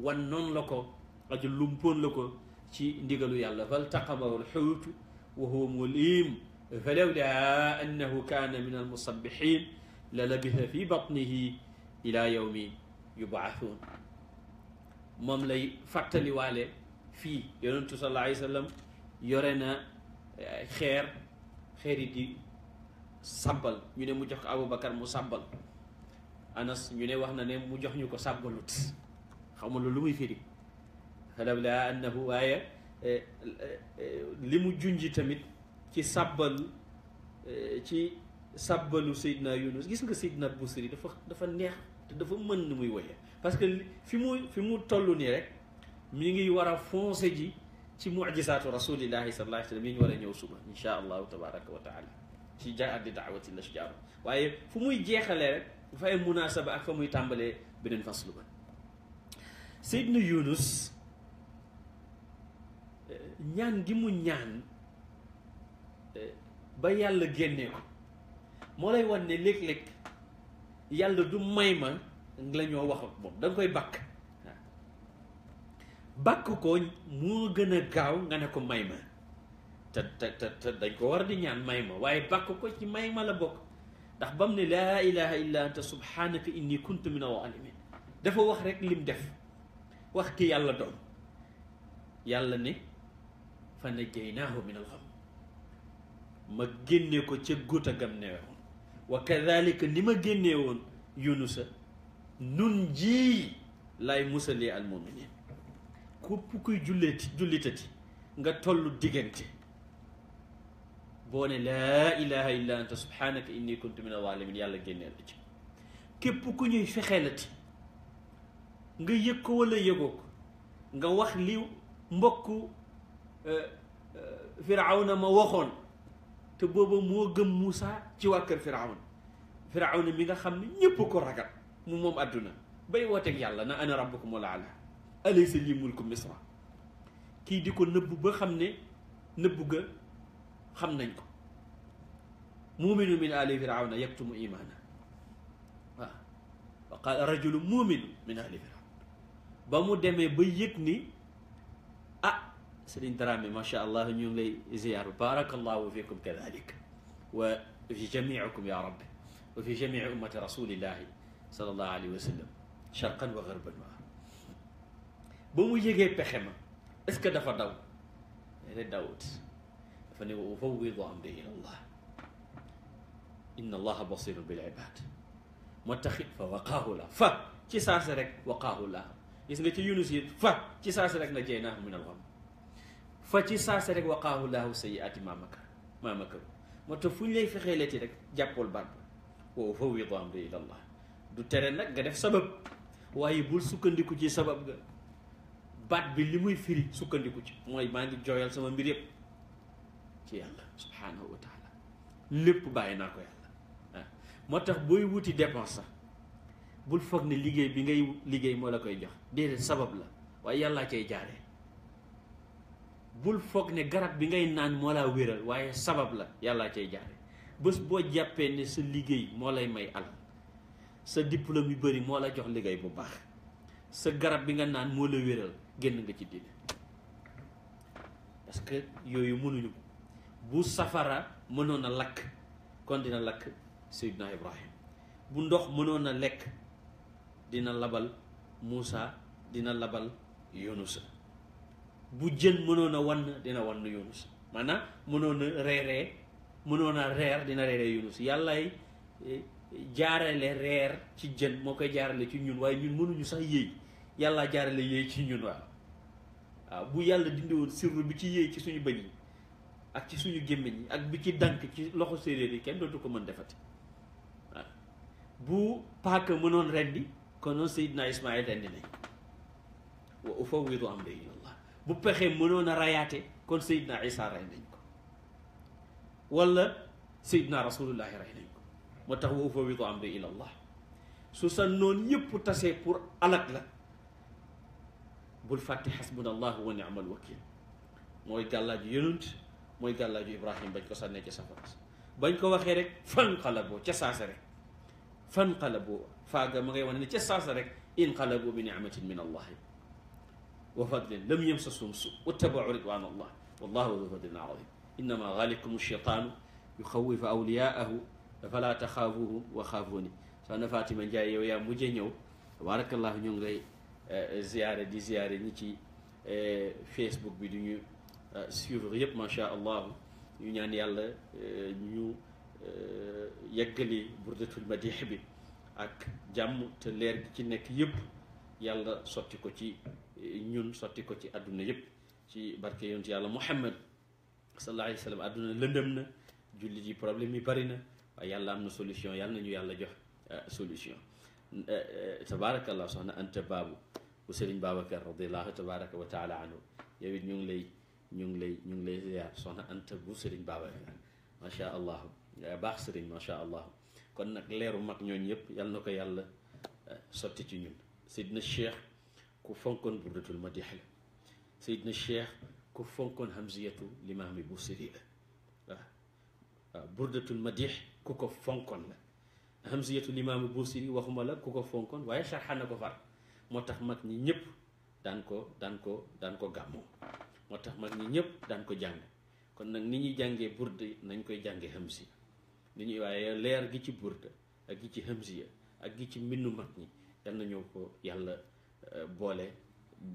wan noonu la ko aji lumpoon la ko ci ndigalu yàlla faltaqamahu lxuutu wa huwa mulim falawla annahu kaana min almusabixin la labitha fi batnihi ila yawmi yubaathuun moom lay fàttaliwaale fii yonentu sallallahu alayhi yore na eh, xeer xeer yi di sàbbal ñu ne mu jox ko Aboubacar mu sàbbal Anas ñu ne wax na ne mu jox ñu ko sàbbalut xamul lu muy firi la laa annahu waaye eh, eh, li mu junji tamit ci sàbbal eh, ci sàbbalu Seydina Yunus gis nga Seydina Busiri dafa dafa neex te dafa mën ni muy woyee parce que fi mu fi mu toll nii rek mi ngi war a foncé ji ci mujisaatu rasulillahi sallallahu alayhi wa sallam yi ñu war a ñëw suba insha allahu tabaraka wa taala ci jaaddi daawati la shijaaru waaye fu muy jeexalee rek dafay munaasaba ak fa muy tàmbalee beneen faslu ba Seydina Yunus eh, ñaan gi mu ñaan eh, ba yàlla génnee ko moo lay wan ne léeg-léeg yàlla du may ma la ñoo wax ak moom da koy bàkk bàkk ko moo gën a gaaw nga ne ko may ma te dañ ko war di ñaan may ma waaye bàkk ko ci may ma la bokk ndax ba mu ne laa ilaha illa anta indi inni kuntu mina al-zalimin dafa wax rek lim def wax ki yàlla doon yàlla ne fa najaynaahu min al-gham ma génne ko ca góota gam newe woon wa kadalika ni ma génnee woon yunusa nun jii lay musalee al muminin képp kuy julleeti jullitati nga tollu diggante boo ne laa ilaha illa anta inni kuntu min alzalimin yàlla génneel la ci képp ku ñuy fexeelati nga yëg ko wala yëgoo ko nga wax li mbokku euh, euh, firawna ma waxoon te booba moo gëm Moussa ci waa kër firawna mi nga xam ne ñépp ko ragal mu moom àdduna bay wooteeg yàlla na ana rabbukumul ala alaysa li mulku misra kii di ko nëbb ba xam ne nëbb ga xam nañ ko muuminu min ali firawna yaktumu imaana waaw wa qaala rajulu muuminu min ali firawna ba mu demee ba yëg ni ah sëriñ Dramé macha allah ñu ngi lay ziyaaru barakallahu fikum kadalik wa fi jamiikum ya rabbi wa fi jamii ummati rasulillahi sallallahu alayhi wa sallam sharqan wa garban wa ba mu yëgee pexe ma est ce que dafa daw ne dawut فأفوض أمري إلى الله inna allaha basirun bil ibad moo taxit fa waqaahu la fa ci saasi rek waqaahu la gis nga ci yunus yi fa ci saasi rek na jey naahu min alxam fa ci saasi rek waqaahu laahu sayiaati maa makar maa makaru moo tax fu ñu lay fexeelati rek jàppool baat ba wa ufawidu amri ila du tere nag nga def sabab waaye bul sukkandiku ci sabab ga baat bi li muy firi sukkandiku ci mooy maa ngi jooyal sama mbir yëpp ci yàlla subhaanahu wa lépp bàyyi naa ko yàlla waaw moo tax booy wuti dépense sax bul foog ni liggéey bi ngay liggéey moo la koy jox déedéet sabab la waaye yàlla cay jaaree bul foog ni garab bi ngay naan moo laa wéral waaye sabab la yàlla cay jaare bés boo jàppee ne sa liggéey moo lay may alal sa diplôme yu bari moo la jox liggéey bu baax sa garab bi nga naan moo la wéral génn nga ci diine parce que yooyu mënuñu bu safara mënoon a lakk kon dina lakk Seydina Ibrahim bu ndox mënoon a lekk dina labal Muusa dina labal Yunusa bu jën mënoon a wann dina wann Yunusa maanaam mënoon a reeree mënoon reer dina reeree Yunusa yàllaay eh, jaarale reer ci jën moo koy jaarale ci ñun waaye ñun mënuñu sax yéey yàllaa jaarale yéey ci ñun waaw bu yàlla dindiwoon sirru bi ci yéey ci suñu bëñ yi ak ci suñu gémmiñ yi ak bi ci dànk ci loxo séeréer yi kenn dootu ko mën defati waaw bu paaka mënoon rendi konoon Seydina Ismaïl rendi nañ bu pexee mënoon a rayaate kon Seydina Isa rey nañ ko wala Seydina Rasulullahi rey nañ ko moo tax wa ufawwidu amri ilallah su sa noon yëpp tasee pour alak la bul fàtte xasbunallahu wa ni'mal wakil mooy gàllaaju yonent mooy gàllaaju Ibrahim bañ ko sànnee ca safara bañ ko waxee rek fanqalaboo ca saasa rek fanqalaboo faaga ma ngay wane ne ca saasa rek inqalaboo bi niamatin min allahi wa fadlin lam yamsasuhum su wattabaau ridwan allah wallahu du fadlin azim innama galikum cheytaanu yuxawifu awliyaahu fala taxaafuhum wa xaafuni soxna Fatima Ndiaye yow yaa mujjee ñëw tabarakallahu ñu ngi lay eh, ziyaare di ziyaare ñi ci eh, Facebook bi du ñu suivre yëpp macha allah ñu ñaan yàlla euh, ñu euh, yeggali burdatul madih bi ak jàmm te leer gi ci nekk yëpp yàlla sotti ko ci euh, ñun sotti ko ci àdduna yëpp ci barke yonent yàlla muhammad sallallahu alayhi wa sallam àdduna lëndëm na jullit yi problème yi bari na waaye yàlla am na solution yàlla nañu yàlla jox solution tabaarakallah soxna anta baabu bu sëriñ babacar radiallahu tabaraka wa taala anhu yow it ñu ngi lay ñu ngi lay ñu ngi lay ziar soxna Anta bu sëriñ Babacar macha allah baax sëriñ macha allah kon nag leeru mag ñooñ yëpp yal na ko yàlla eh, sotti ci ñun Seydina Cheikh ku fonkoon burdatul madix la Seydina Cheikh ku fonkoon hamziyatu limaami bu sëri la waaw burdatul madix ku ko fonkoon la hamziyatu limaami bu sëri waxuma la ku ko fonkoon waaye sarxaan na ko far moo tax mag ñi ñëpp daan ko daan ko daan ko gàmmoo moo tax mag ñi ñëpp daan ko jàng kon nag ni ñuy jàngee burda nañ koy jàngee hamziya ni ñuy waaye leer gi ci burda ak gi ci hamziya ak gi ci mbindu mag ñi yal nañu ko yàlla euh, boole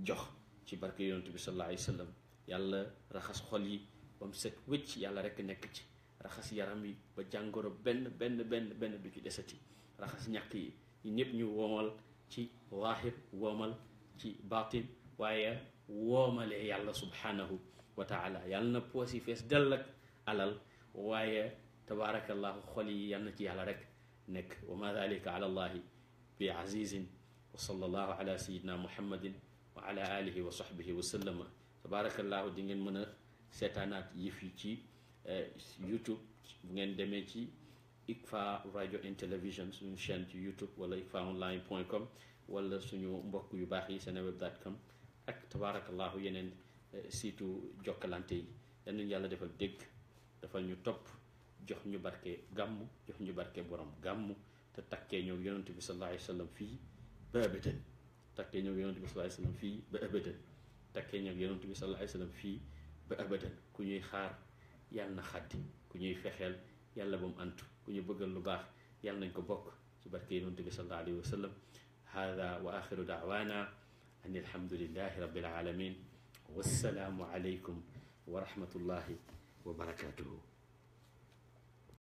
jox ci barke yonent bi sallallahu alayhi wa yàlla raxas xol yi ba mu set wëcc yàlla rekk nekk ci raxas yaram yi ba jàngoro benn benn benn benn du ci desati raxas ñàkk yi ñu ñëpp ñu woomal ci waahir woomal ci baatin waaye woomalee yàlla subhanahu wa taala yàlla na poos yi fees dell alal waaye tabaarakallahu xol yi yal na ci yàlla rek nekk wa ma dalika ala allahi bi azizin wa sallallahu ala sayidina muhammadin wa ala alihi wa sahbihi wa sallama tabaarakallahu di ngeen mën a seetaanaat yëf yi ci eh, youtube bu ngeen demee ci ICFA radio and television suñu chaîne ci youtube wala icfa online point com wala suñu mbokk yu baax yi seneweb com ak tabaarakallaahu yeneen eh, siitu jokkalante yi yal nañu yàlla defal dégg defal ñu topp jox ñu barke gàmm jox ñu barke borom gàmmu te takkee ñoom yonent bi sallallahu alayhi wa fii ba abadan takkee ñoom yonent bi sallallahu alayhi fii ba abadan takkee ñoom yonent bi sallallahu alayhi wa fii ba abadan ku ñuy xaar yàlla na xaddi ku ñuy fexeel yàlla ba mu antu ku ñu bëggal lu baax yàlla nañ ko bokk ci barke yonent bi sallallahu alayhi wa wa axiru daawaana an alhamdulillahi rabbil alamin wassalaamu aleykum wa rahmatullahi wa barakatuhu